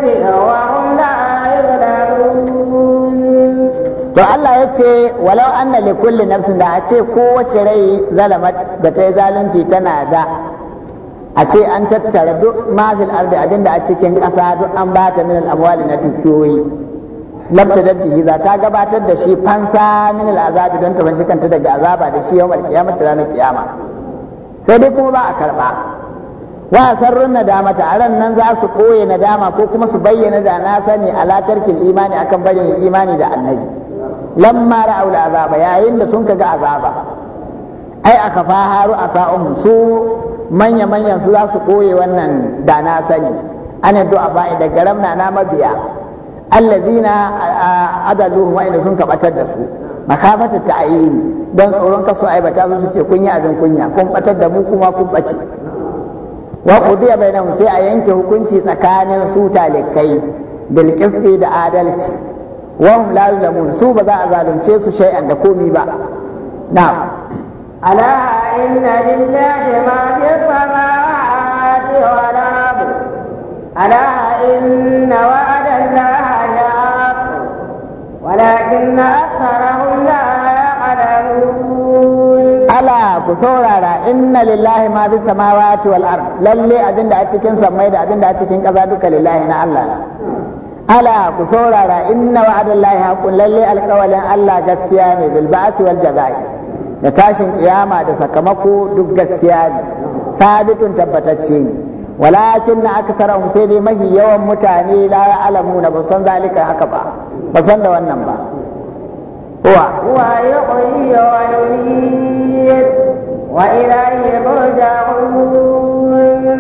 Allah ya ce walau anna li na nafsin da a ce kowace rai zalama da ta yi zalunci tana da a ce an tattara duk mafil ardi abinda a cikin ƙasa duk an ba ta min al'amwali na tukiyoyi labta bihi za ta gabatar da shi fansa min al'azabi don ta fanshi kanta daga azaba da shi yawan kiyamata ranar kiyama sai dai kuma ba a karɓa wa sarrun nadamata a aran nan za su ɓoye nadama ko kuma su bayyana da na sani a tarkin imani akan barin imani da annabi lamma ra'au azaba yayin da sun kaga azaba ai aka faharu a sa'un su manya manyan su za su ɓoye wannan da na sani ana du'a fa'i da garam na na mabiya allazina wa wa'inda sun kabatar da su makafatu ta'ayini don tsoron kaso bata su su ce kunya abin kunya kun batar da mu kuma kun bace wa qudiya bainahum sai a yanke hukunci tsakanin su talikai bil da adalci wa hum la yuzlamun su ba za a zalunce su shay'an da komi ba na'am ala inna lillahi ma fi inna lillahi ma fi samawati wal ard lalle abinda a cikin samai da abinda a cikin ƙasa duka lillahi na Allah ala ku saurara inna wa'adallahi haqqun lalle alƙawalin Allah gaskiya ne bil ba'si wal jaza'i da tashin kiyama da sakamako duk gaskiya ne sabitun tabbatacce ne walakin na aksara sai dai mahi yawan mutane la alamu ba san zalika haka ba ba san da wannan ba huwa huwa yuhyi wa yumiit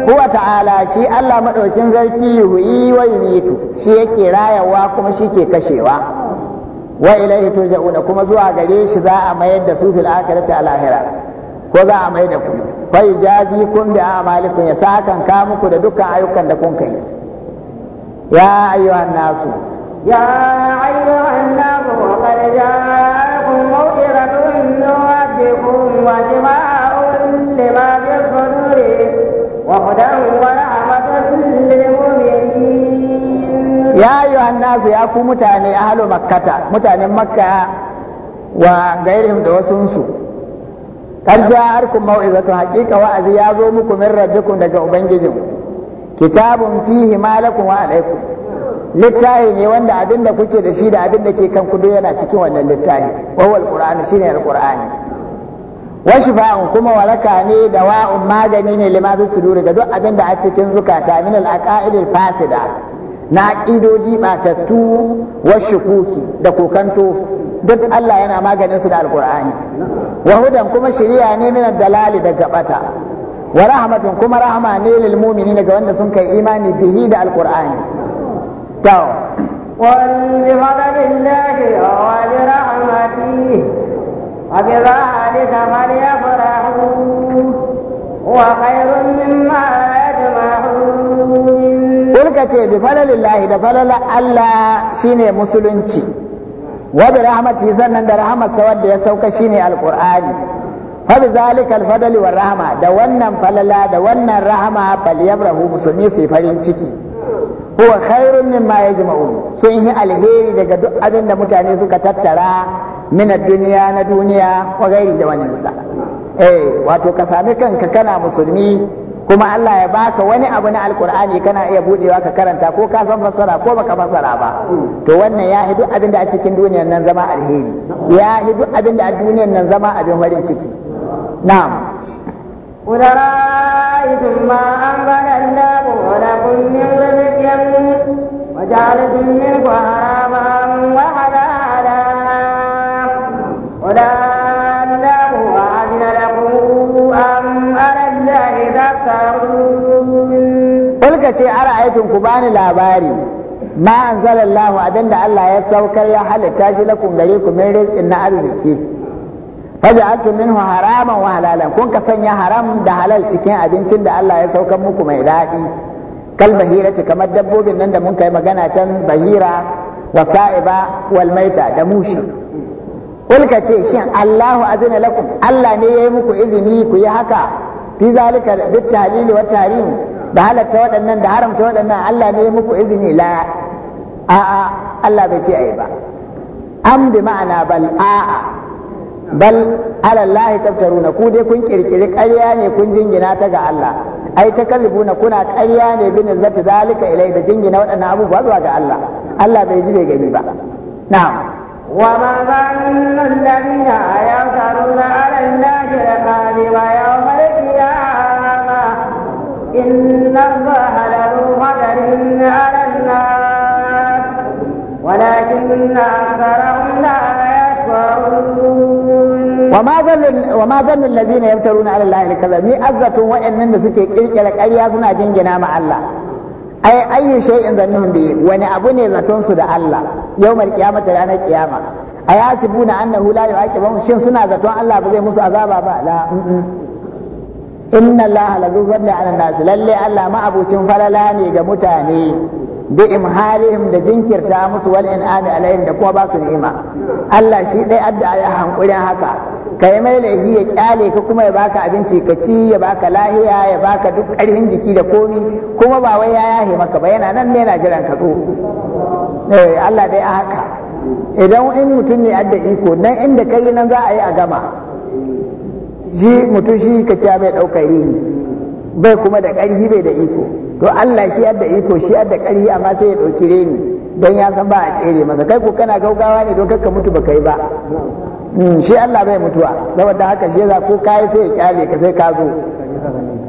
Kuwa ta'ala shi Allah maɗaukin zarki yi wa yumitu shi yake rayawa kuma shi ke kashewa wa ilaihi turja'una kuma zuwa gare shi za a mayar da sufi fil ta al ko za a mayar da ku fa jazi kun bi amalikum ya sa ka muku da dukkan ayyukan da kun kai ya ayyuhan nasu ya ayyuhan nasu wa qad ja'akum mu'iratun nu'abbikum wa jama'a لما في الصدور وهدى ورحمة للمؤمنين يا أيها الناس يا كو متاني أهل مكة متاني مكة وغيرهم دوسنسو قد جاءتكم موعظة حقيقة وأزي يازومكم من ربكم دقا أبنجيكم كتاب فيه ما لكم وعليكم littahi ne wanda abinda kuke da shi da abinda ke kan kudu yana cikin wannan littahi wawal qur'ani shine alqur'ani washi fa'in kuma waraka ne da wa'un magani ne lima bi suduri da duk abin da a cikin zukata min al fasida na ta ɓatattu wa kuki da kokanto duk Allah yana maganin su da Alƙur'ani. wa kuma shari'a ne min dalali da gabata wa rahmatun kuma rahma ne lil mu'minina ga wanda sun kai imani bihi da Alƙur'ani. to wa bi fadlillahi wa bi rahmatihi وبذلك فليفرحوا هو خير مما يجمعون قل ce bi falalillahi da falala Allah shine musulunci wa bi rahmati sannan da rahamarsa wadda ya sauka shine alqur'ani fa bi zalika alfadli war rahma da wannan falala da wannan rahama falyabrahu musulmi su farin ciki huwa khairun mimma yajma'un sun yi alheri daga duk abin da mutane suka tattara min duniya na duniya wa gairi da wani sa eh wato ka sami kanka kana musulmi kuma Allah ya baka wani abu na alkur'ani kana iya budewa ka karanta ko ka san fassara ko baka fassara ba to wannan ya duk abin da a cikin duniyar nan zama alheri ya duk abin da a duniyar nan zama abin farin ciki na'am قل ما أنزل الله لكم من وجعلتم منه حراما وحلالا قل الله أذن لكم أم على الله تفترون قل كتي أرأيتم كبان لاباري ma anzalallahu abin da Allah ya saukar ya halitta shi lakum gare ku min rizqin na arziki faja'altu minhu haraman wa halalan kun ka sanya haram da halal cikin abincin da Allah ya saukar muku mai daɗi kal bahirati kamar dabbobin nan da mun kai magana can bahira wa sa'iba wal maita da mushi kulka ce shin Allahu azina lakum Allah ne yayi muku izini ku yi haka fi zalika bit tahlili wat tahrim da halatta waɗannan da haramta waɗannan Allah ne yayi muku izini la a'a Allah bai ce ayi ba am bi ma'ana bal a'a bal alallahi tabtaruna ku dai kun kirkiri ƙarya ne kun jingina ta ga Allah ai ta kazibuna kuna ƙarya ne bin nisbati zalika ilai da jingina waɗannan abubuwa zuwa ga Allah Allah bai ji bai gani ba na'am ومثل الذين يفترون على الله الكاذب يوم القيامة إن الله لذو قدر على الناس ولكن أكثرهم لا يشكرون wa ma zannu allazina yaftaruna ala allahi alkaza mi azzatun wa'annan da suke kirkira karya suna jingina ma Allah ai ayyu shay'in zannuhum bi wani abu ne zaton da Allah yawmal qiyamati ranar qiyama ayasibuna annahu la yu'aqibuhum shin suna zaton Allah ba zai musu azaba ba la inna Allah la zu fadli ala nas Allah ma falala ne ga mutane Da imhalihim da jinkirta musu wal in'ami alaihim da kuma basu su ni'ima Allah shi dai adda hankurin haka ka yi mai laifi ya kyale ka kuma ya baka abinci ka ci ya baka lahiya ya baka duk ƙarfin jiki da komi kuma ba wai ya yahe maka ba yana nan ne yana jiran ka zo eh, Allah dai a haka idan in mutum ne adda iko nan inda ka yi nan za a yi a gama shi mutum shi ka ci mai ɗaukar rini bai kuma da ƙarfi bai da iko to Allah shi adda iko shi adda ƙarfi amma sai ya ɗauki reni don ya san ba a tsere masa kai ko kana gaugawa ne don kakka mutu ba kai ba Mm, shi Allah bai mutuwa saboda haka shi yasa ko kai sai ya kyale ka sai ka zo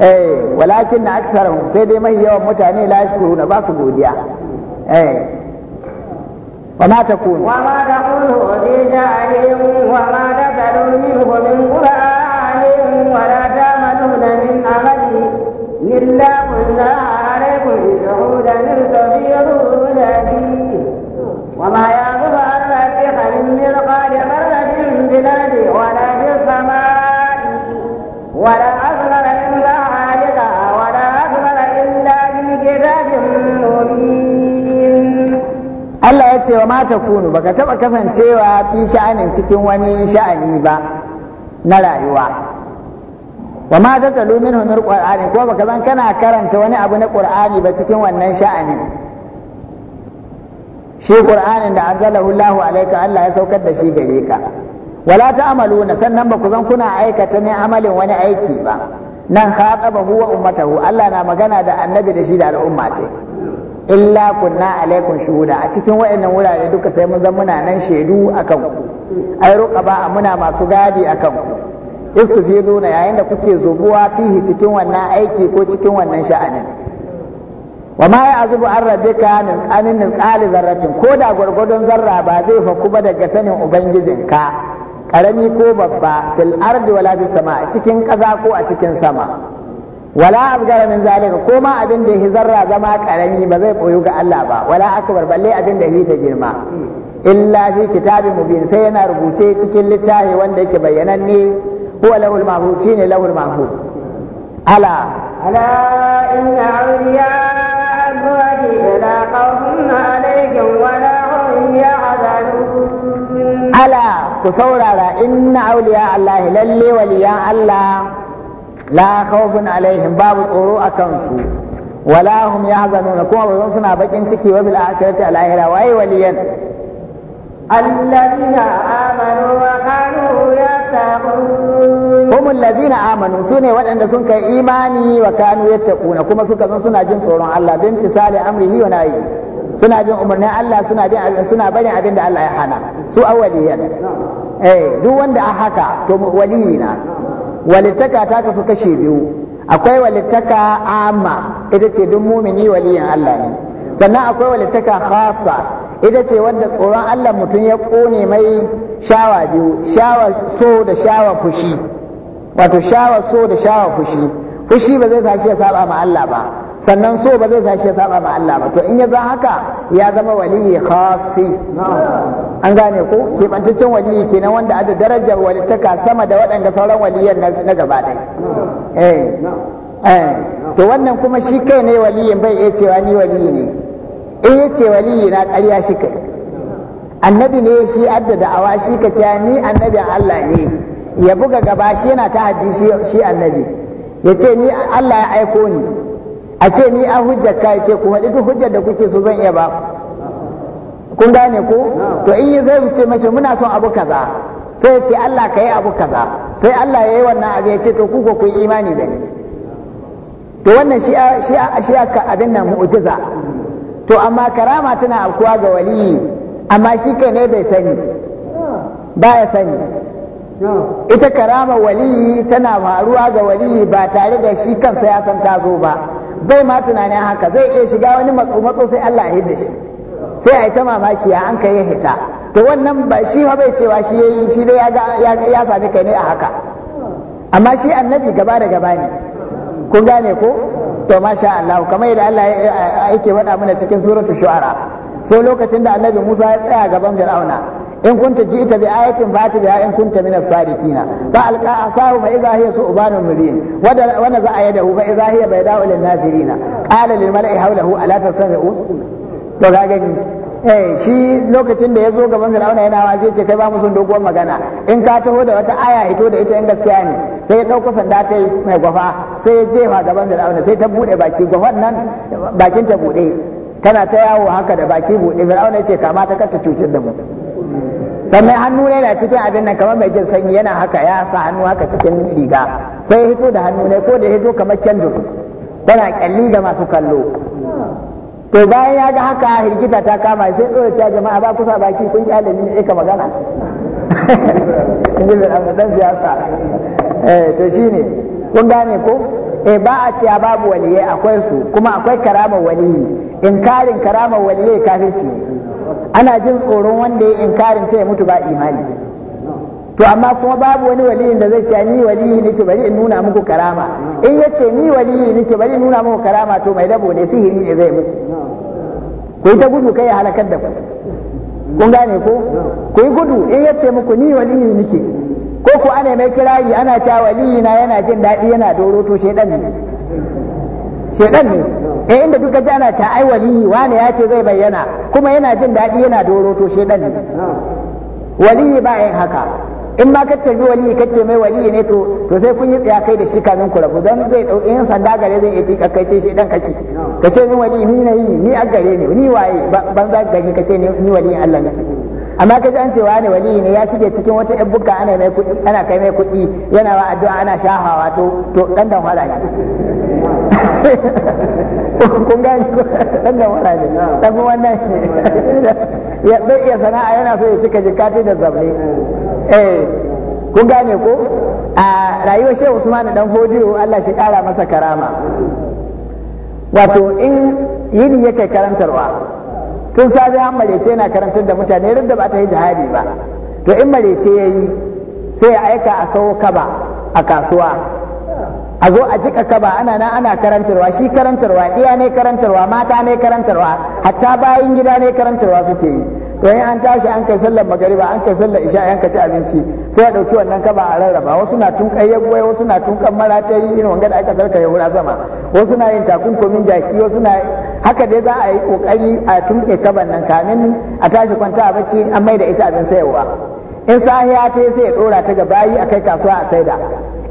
eh walakin na aksarahum sai dai mai yawan mutane la yashkuruna ba su godiya eh wa ma takunu wa ma takunu fi sha'anin wa ma tadalu minhu min qur'anin wa la tamanuna min amali lillahi ta kunu baka taba kasancewa fi sha'anin cikin wani sha'ani ba na rayuwa wa ma ta talu minhu min qur'ani ko baka zan kana karanta wani abu na qur'ani ba cikin wannan sha'anin shi qur'anin da anzalahu Allahu alayka Allah ya saukar da shi gare ka wala na, sannan ba ku zan kuna aikata min amalin wani aiki ba nan khataba wa ummatahu Allah na magana da annabi da shi da al'umma illa kunna alaikum shuhuda a cikin waɗannan wurare duka sai mun zama muna nan shaidu akan ku ai a muna masu gadi akan ku na yayin da kuke zubuwa fihi cikin wannan aiki ko cikin wannan sha'anin wa ma ya'zubu an rabbika min qanin min qali zarratin ko da gwargwadon zarra ba zai faku ba daga sanin ubangijinka karami ko babba fil ardi wala bis sama cikin ƙasa ko a cikin sama wala abgar min zalika ko ma abin da ya zarra zama karami ba zai koyo ga Allah ba wala akbar balle abin da ta girma illa fi kitabin mubin sai yana rubuce cikin littafi wanda yake bayyananne huwa lahul mahfuz shine lahul mahfuz ala ala inna awliya allahi la qawmun alaykum wa la hum ya'zalun ala ku saurara inna awliya allahi lalle waliyan allah la khawfun alaihim babu tsoro a kansu wala hum yahzanuna kuma ba zan suna bakin ciki wa bil akhirati al waye waliyan alladhina amanu wa kanu yattaqun hum alladhina amanu sune waɗanda sun kai imani wa kanu yattaquna kuma suka zan suna jin tsoron Allah bin tisali amrihi wa nahi suna bin umarnin Allah suna barin abin Allah ya hana su duk wanda a haka to waliyina walittaka ta kafi kashe biyu akwai walittaka amma ita ce duk mumini waliyin Allah ne sannan akwai walittaka khasa ita ce wanda tsoron Allah mutum ya kone mai shawa biyu shawa so da shawa fushi wato shawa so da shawa fushi fushi ba zai tashi ya saba ma Allah ba sannan so ba zai tashi ya saba ma Allah ba to in ya za haka ya zama waliyi khasi an gane ko kebantaccen waliyi kenan wanda ada darajar walittaka sama da waɗanga sauran waliyan na gaba ɗaya eh eh to wannan kuma shi kai ne waliyin bai iya cewa ni waliyi ne in ya ce waliyi na ƙarya shi kai annabi ne shi addada awa shi ka ce ni annabin Allah ne ya buga gaba shi yana ta haddi shi annabi ya ce ni Allah ya aiko ni a ce ni a hujjar ka ce ku faɗi duk hujjar da kuke so zan iya ba kun gane ku? to in yi zai ce mashi muna son abu kaza sai ya ce Allah ka yi abu kaza sai Allah ya yi wannan abu ya ce to ku ko imani da ni to wannan shi shi ka abin nan mu'jiza to amma karama tana afkuwa ga waliyi amma shi kai ne bai sani baya sani ita karama waliyi tana faruwa ga waliyi ba tare da shi kansa ya san tazo ba bai ma tunanin haka zai iya shiga wani matso sai Allah ya hidda shi sai a yi ta mamaki ya an kai hita to wannan ba shi ma bai cewa shi yayi shi dai ya sami kai ne a haka amma shi annabi gaba da gaba ne kun gane ko to masha Allah kamar yadda Allah yake faɗa mana cikin suratul shu'ara so lokacin da annabi Musa ya tsaya gaban Fir'auna in kunta ita bi ayatin fa ta biya in kunta min as-sadiqina fa alqa asahu fa idha hiya su'banun mubin wa za a fa idha hiya bayda'u lin-nazirina qala lil mala'i hawlahu ala tasma'un to ga gani eh shi lokacin da ya zo gaban Fir'auna yana wa zai ce kai ba musun doguwar magana in ka taho da wata aya ito da ita in gaskiya ne sai ya dauko sanda ta yi mai gwafa sai ya wa gaban Fir'auna sai ta bude baki gwafan nan bakin ta bude tana ta yawo haka da baki bude Fir'auna ya ce kama ta kar ta cutar da mu sannan hannu ne na cikin abin nan kamar mai jin sanyi yana haka ya sa hannu haka cikin riga sai ya hito da hannu ne ko da ya hito kamar kendur tana kyalli ga masu kallo to bayan ya ga haka hirgita ta kama sai dora ta jama'a ba kusa baki kun ki ni ne ka magana in ji dan siyasa eh to shine kun gane ko eh ba a cewa babu waliyai akwai su kuma akwai karamar waliyi In inkarin karamar waliyai kafirci ne ana jin tsoron wanda ya inkarin ta ya mutu ba imani to amma kuma babu wani waliyin da zai ce ni waliyi nake bari in nuna muku karama in ya ce ni waliyi nake bari in nuna muku karama to mai dabo ne sihiri ne zai muku ku yi ta gudu kai halakar da ku kun gane ko ku yi gudu in ya ce muku ni waliyi nake ko ku ana mai kirari ana cewa waliyi na yana jin daɗi yana doro to shedan ne shedan ne eh inda duka ji ana ai wali wane ya ce zai bayyana kuma yana jin daɗi yana doro to shedan ne wali ba yin haka in ma ka tafi wali ka ce mai wali ne to to sai kun yi tsaya kai da shi kamin ku rabu don zai ɗauki in sanda gare zai yi kai ce dan kake ka ce min waliyi ni nayi, ni a gare ne ni waye ban za gari ka ce ni wali Allah nake amma ka ji an ce ne wali ne ya shige cikin wata yan bukka ana mai kuɗi ana kai mai kuɗi yana wa addu'a ana shahawa to to dan dan ne kun gani dan da wala ne dan wannan ya sana'a yana so ya cika jikati da zabne eh kun gane ko a rayuwar Shehu Usman dan Fodiyo Allah shi kara masa karama wato in yini yake karantarwa tun safe an marece yana karantar da mutane da ba ta yi jihadi ba to in marece yayi sai ya aika a sauka kaba a kasuwa a zo a jika kaba ana na ana karantarwa shi karantarwa iya ne karantarwa mata ne karantarwa hatta bayan gida ne karantarwa suke yi to in an tashi an kai sallar magariba an kai sallar isha an ka ci abinci sai a ɗauki wannan kaba a rarraba wasu na tunkan yagwai wasu na ta yi irin wanga da aka sarka ya wura sama wasu na yin takunkumin jaki wasu na haka dai za a yi kokari a tunke kaban nan kamin a tashi kwanta a bacci an mai da ita abin sayarwa in sahiya ta sai ya ɗora ta ga bayi a kai kasuwa a saida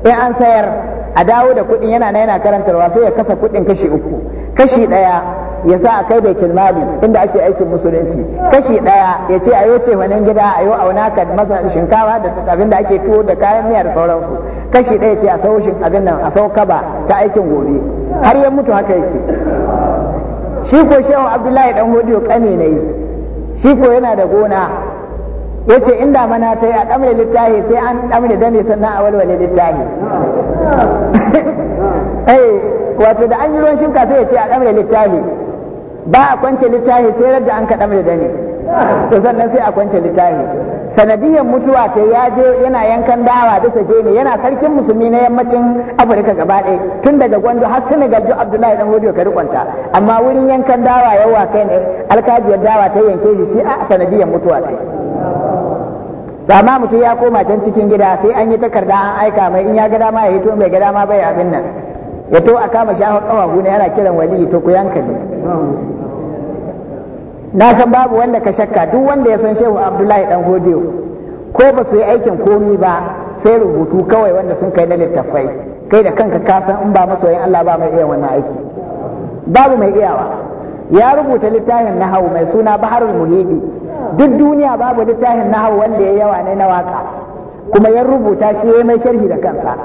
in an sayar a dawo da kuɗin yana na yana karantarwa sai ya kasa kuɗin kashi uku kashi ɗaya ya sa a kai baitul mali inda ake aikin musulunci kashi ɗaya ya ce ayo ce manin gida ayo auna ka masa shinkawa da abin da ake tuwo da kayan miya da sauransu kashi ɗaya ce a sau shin abin nan a sau kaba ta aikin gobe har ya mutu haka yake shi ko shehu abdullahi dan hodiyo kane ne shi ko yana da gona yace inda mana ta yi a ɗamre littahi sai an ɗamre dame sannan a walwale littahi eh, wato da an yi ruwan shimka sai ya ce a ɗamre littahi ba a kwance littahi sai radda an ka ɗamre dame to sannan sai a kwance littahi sanadiyan mutuwa ta ya je yana yankan dawa saje ne yana sarkin musulmi na yammacin afirka gaba ɗaya tun daga gwandu har senegal duk abdullahi dan hodiyo ka rikonta amma wurin yankan dawa yawa kai ne alkajiyar dawa ta yanke shi shi a sanadiyan mutuwa ta yi ba ma mutum ya koma can cikin gida sai an yi takarda an aika mai in ya ga dama ya hito mai ga dama bai abin nan ya to a kama shafa kawahu ne yana kiran wali to ku yanka ne na san babu wanda ka shakka duk wanda ya san shehu abdullahi dan hodiyo ko ba su yi aikin komi ba sai rubutu kawai wanda sun kai na littattafai kai da kanka ka san in ba masoyin Allah ba mai iya wannan aiki babu mai iyawa ya rubuta littafin nahawu mai suna baharul muhibi duk duniya babu littafin na hau wanda ya yawa ne na waka kuma ya rubuta shi ya mai sharhi da kansa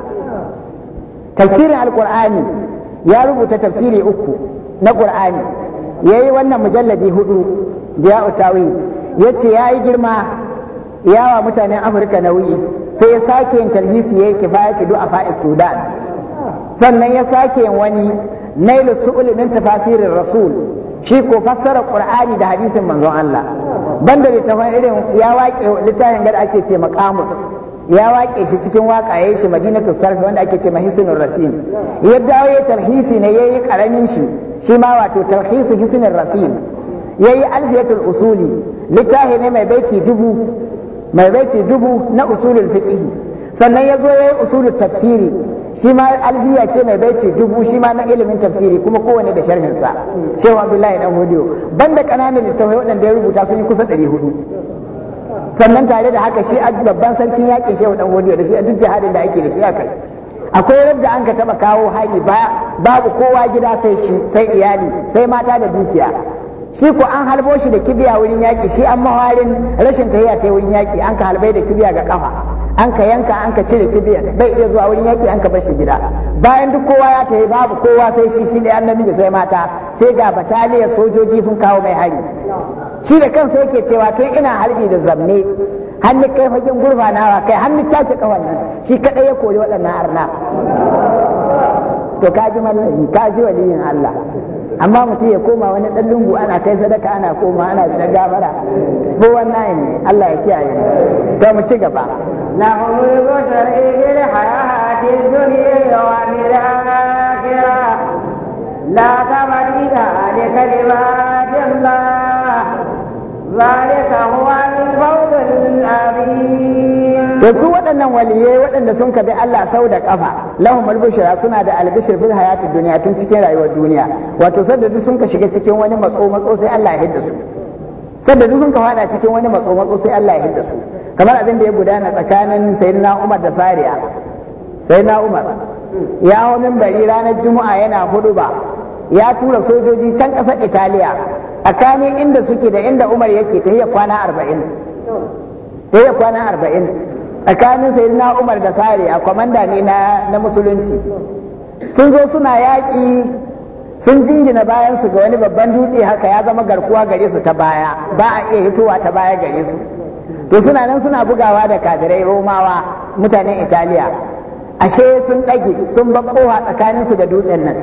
tafsirin alkur'ani ya rubuta tafsiri uku na qur'ani ya yi wannan mujalladi hudu da utawi ya ce ya yi girma yawa mutanen afirka nauyi sai ya sake yin talhisi ya yi kifaya fidu a fa'is sudan sannan ya sake yin wani nailu su'ul min tafasirin rasul shi ko fassara ƙur'ani da hadisin manzon Allah banda littafin irin ya waƙe littafin gada ake ce maqamus ya waƙe shi cikin waƙaye shi madinatu sarfi wanda ake ce mahisinur Ya yadda ya tarhisi ne yayi karamin shi shi ma wato tarhisu hisnur rasin yayi alfiyatul usuli littafi ne mai baiti dubu mai baiti dubu na usulul fiqh sannan ya zo yayi usulul tafsiri shi ma alfiya ce mai baiti dubu shi ma na ilimin tafsiri kuma kowane da sharhin sa shehu abdullahi dan hodiyo banda kananan littafai waɗanda ya rubuta sun yi kusa hudu. sannan tare da haka shi babban sarkin yakin shehu dan hodiyo da shi duk jihadin da ake da shi akai akwai rabda an ka taɓa kawo hari ba babu kowa gida sai shi sai iyali sai mata da dukiya shi ko an halbo shi da kibiya wurin yaki shi an mawarin rashin tahiya ta wurin yaki an ka halbai da kibiya ga kafa an ka yanka an ka cire kibiyar bai iya zuwa wurin yaki an ka bar gida bayan duk kowa ya tahi babu kowa sai shi shi ne an namiji sai mata sai ga bataliyar sojoji sun kawo mai hari shi da kansa yake cewa to ina halbi da zamne hannu kai fagen gurfanawa kai hannu take kawan nan shi kadai ya kori waɗannan arna to kaji mallami kaji waliyin Allah amma mutum ya koma wani ɗan lungu ana kai sadaka ana koma ana da gabara ko wannan ne Allah ya kiyaye to mu ci gaba lahum al-bashari bil hayati ad-dunya wa bil akhirah la tabdila li kalimati Allah ذلك هو الفوز العظيم to su waɗannan waliyai waɗanda sun kabi Allah sau da kafa lahum albushra suna da albishir fil hayati duniya tun cikin rayuwar duniya wato sanda duk sun ka shiga cikin wani matso matso sai Allah ya hidda su sadda duk sun ka fada cikin wani matso matso sai Allah ya hidda su kamar abin da ya gudana tsakanin sayyidina Umar da Sariya sayyidina Umar ya hawo minbari ranar Juma'a yana hudu ya tura sojoji can ƙasar Italiya tsakanin inda suke da inda Umar yake ta kwana arba'in ta kwana arba'in tsakanin na umar da sare a kwamanda ne na musulunci sun zo suna yaƙi sun jingina bayansu ga wani babban dutse haka ya zama garkuwa gare su ta baya ba a iya hitowa ta baya gare su to suna nan suna bugawa da kafirai romawa mutanen italiya ashe sun ɗage sun bakowa tsakaninsu da dutsen nan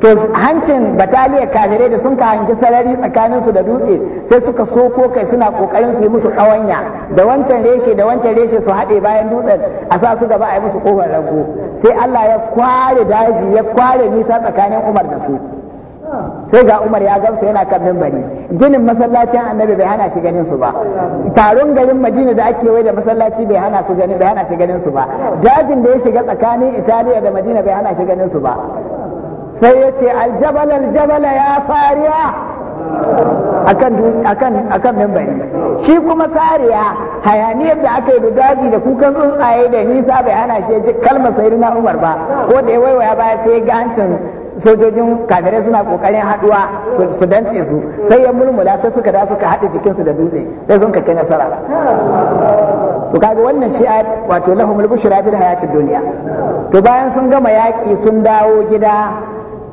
to hancin bataliyar kafirai da sun ka hangi sarari tsakanin su da dutse sai suka soko kai suna kokarin su yi musu kawanya da wancan reshe da wancan reshe su haɗe bayan dutsen a sa su gaba a yi musu kofar rago sai Allah ya kware daji ya kware nisa tsakanin Umar da su sai ga Umar ya gamsu yana kan mimbari ginin masallacin Annabi bai hana shi ganin su ba taron garin Madina da ake wai da masallaci bai hana su ganin bai hana shi ganin su ba dajin da ya shiga tsakanin Italiya da Madina bai hana shi ganin su ba sai ya ce aljabal aljabal ya sariya akan dutse akan akan membari shi kuma sariya hayaniyar da aka yi da daji da kukan tsuntsaye da nisa bai hana shi ji kalmar na Umar ba ko da ya waiwaya baya sai ga hancin sojojin kafirai suna kokarin haduwa su dantse su sai ya mulmula sai suka da suka haɗe jikinsu da dutse sai sun kace nasara to kaga wannan shi wato lahumul bushra fil hayatid duniya to bayan sun gama yaki sun dawo gida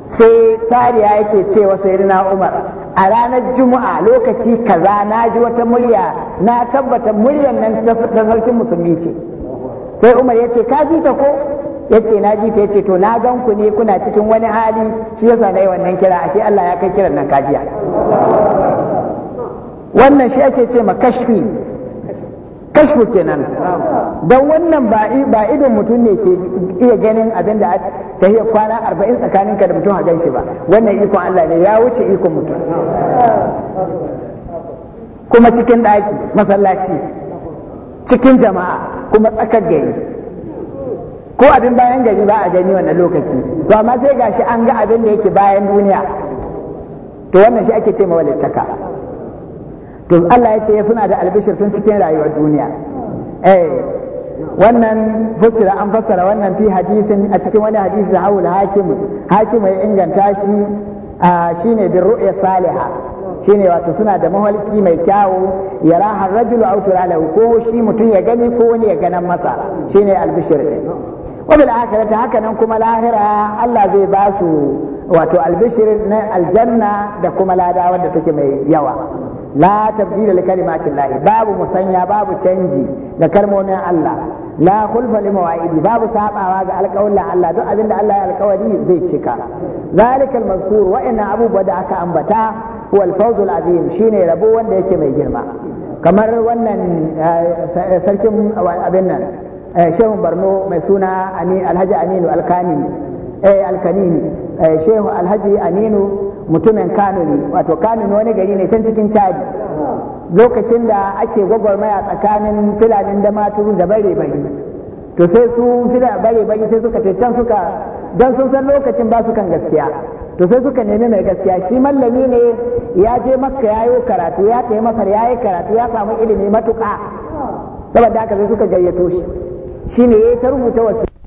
sai sariya yake cewa sayyidina umar a ranar juma'a lokaci kaza na ji wata murya na tabbata muryar nan ta sarkin musulmi ce sai umar ya ce ka ji ko ya ce na ji ya ce to na gan ku ne kuna cikin wani hali shi yasa na yi wannan kira ashe allah ya kai kiran nan kajiya wannan shi ake ce ma kashfi kashfu kenan don wannan ba idon mutum ne ke iya ganin abin da ta iya kwana arba'in tsakaninka da mutum a ganshi ba wannan ikon Allah ne ya wuce ikon mutum kuma cikin ɗaki masallaci cikin jama'a kuma tsakar gari ko abin bayan gari ba a gani wannan lokaci to amma sai gashi an ga abin da yake bayan duniya to wannan shi ake ce ma walittaka to Allah ya ce suna da albishir tun cikin rayuwar duniya eh wannan fassara an fassara wannan fi hadisin a cikin wani hadisi da hawul hakim hakim ya inganta shi shine bin ru'ya saliha shine wato suna da mahalki mai kyawu ya raha rajulu autura lahu ko shi mutum ya gani ko wani ya ganan masa shine albishir din wa bil akhirati haka nan kuma lahira Allah zai ba su wato albishir na aljanna da kuma lada wadda take mai yawa la tabdila li kalimatin lahi babu musanya babu canji da kalmomin Allah la khulfa li mawa'idi babu sabawa ga alƙawarin Allah duk abinda Allah ya alƙawari zai cika zalikal mazkur wa inna abubuwa da aka ambata huwa al-fawz shine rabo wanda yake mai girma kamar wannan eh, sarkin abin nan Eh, shehu barno mai suna alhaji aminu alkanini eh, alkanini eh, shehu alhaji aminu mutumin kano ne wato kano wani gari ne can cikin chadi lokacin da ake gwagwarmaya tsakanin filanin da maturu da bare bare to sai su fila bare bare sai suka can suka don sun san lokacin ba su kan gaskiya to sai suka nemi mai gaskiya shi mallami ne ya je makka ya karatu ya tafi masar yayi karatu ya samu ilimi matuƙa saboda haka sai suka gayyato shi shine yayi ta rubuta wasiƙa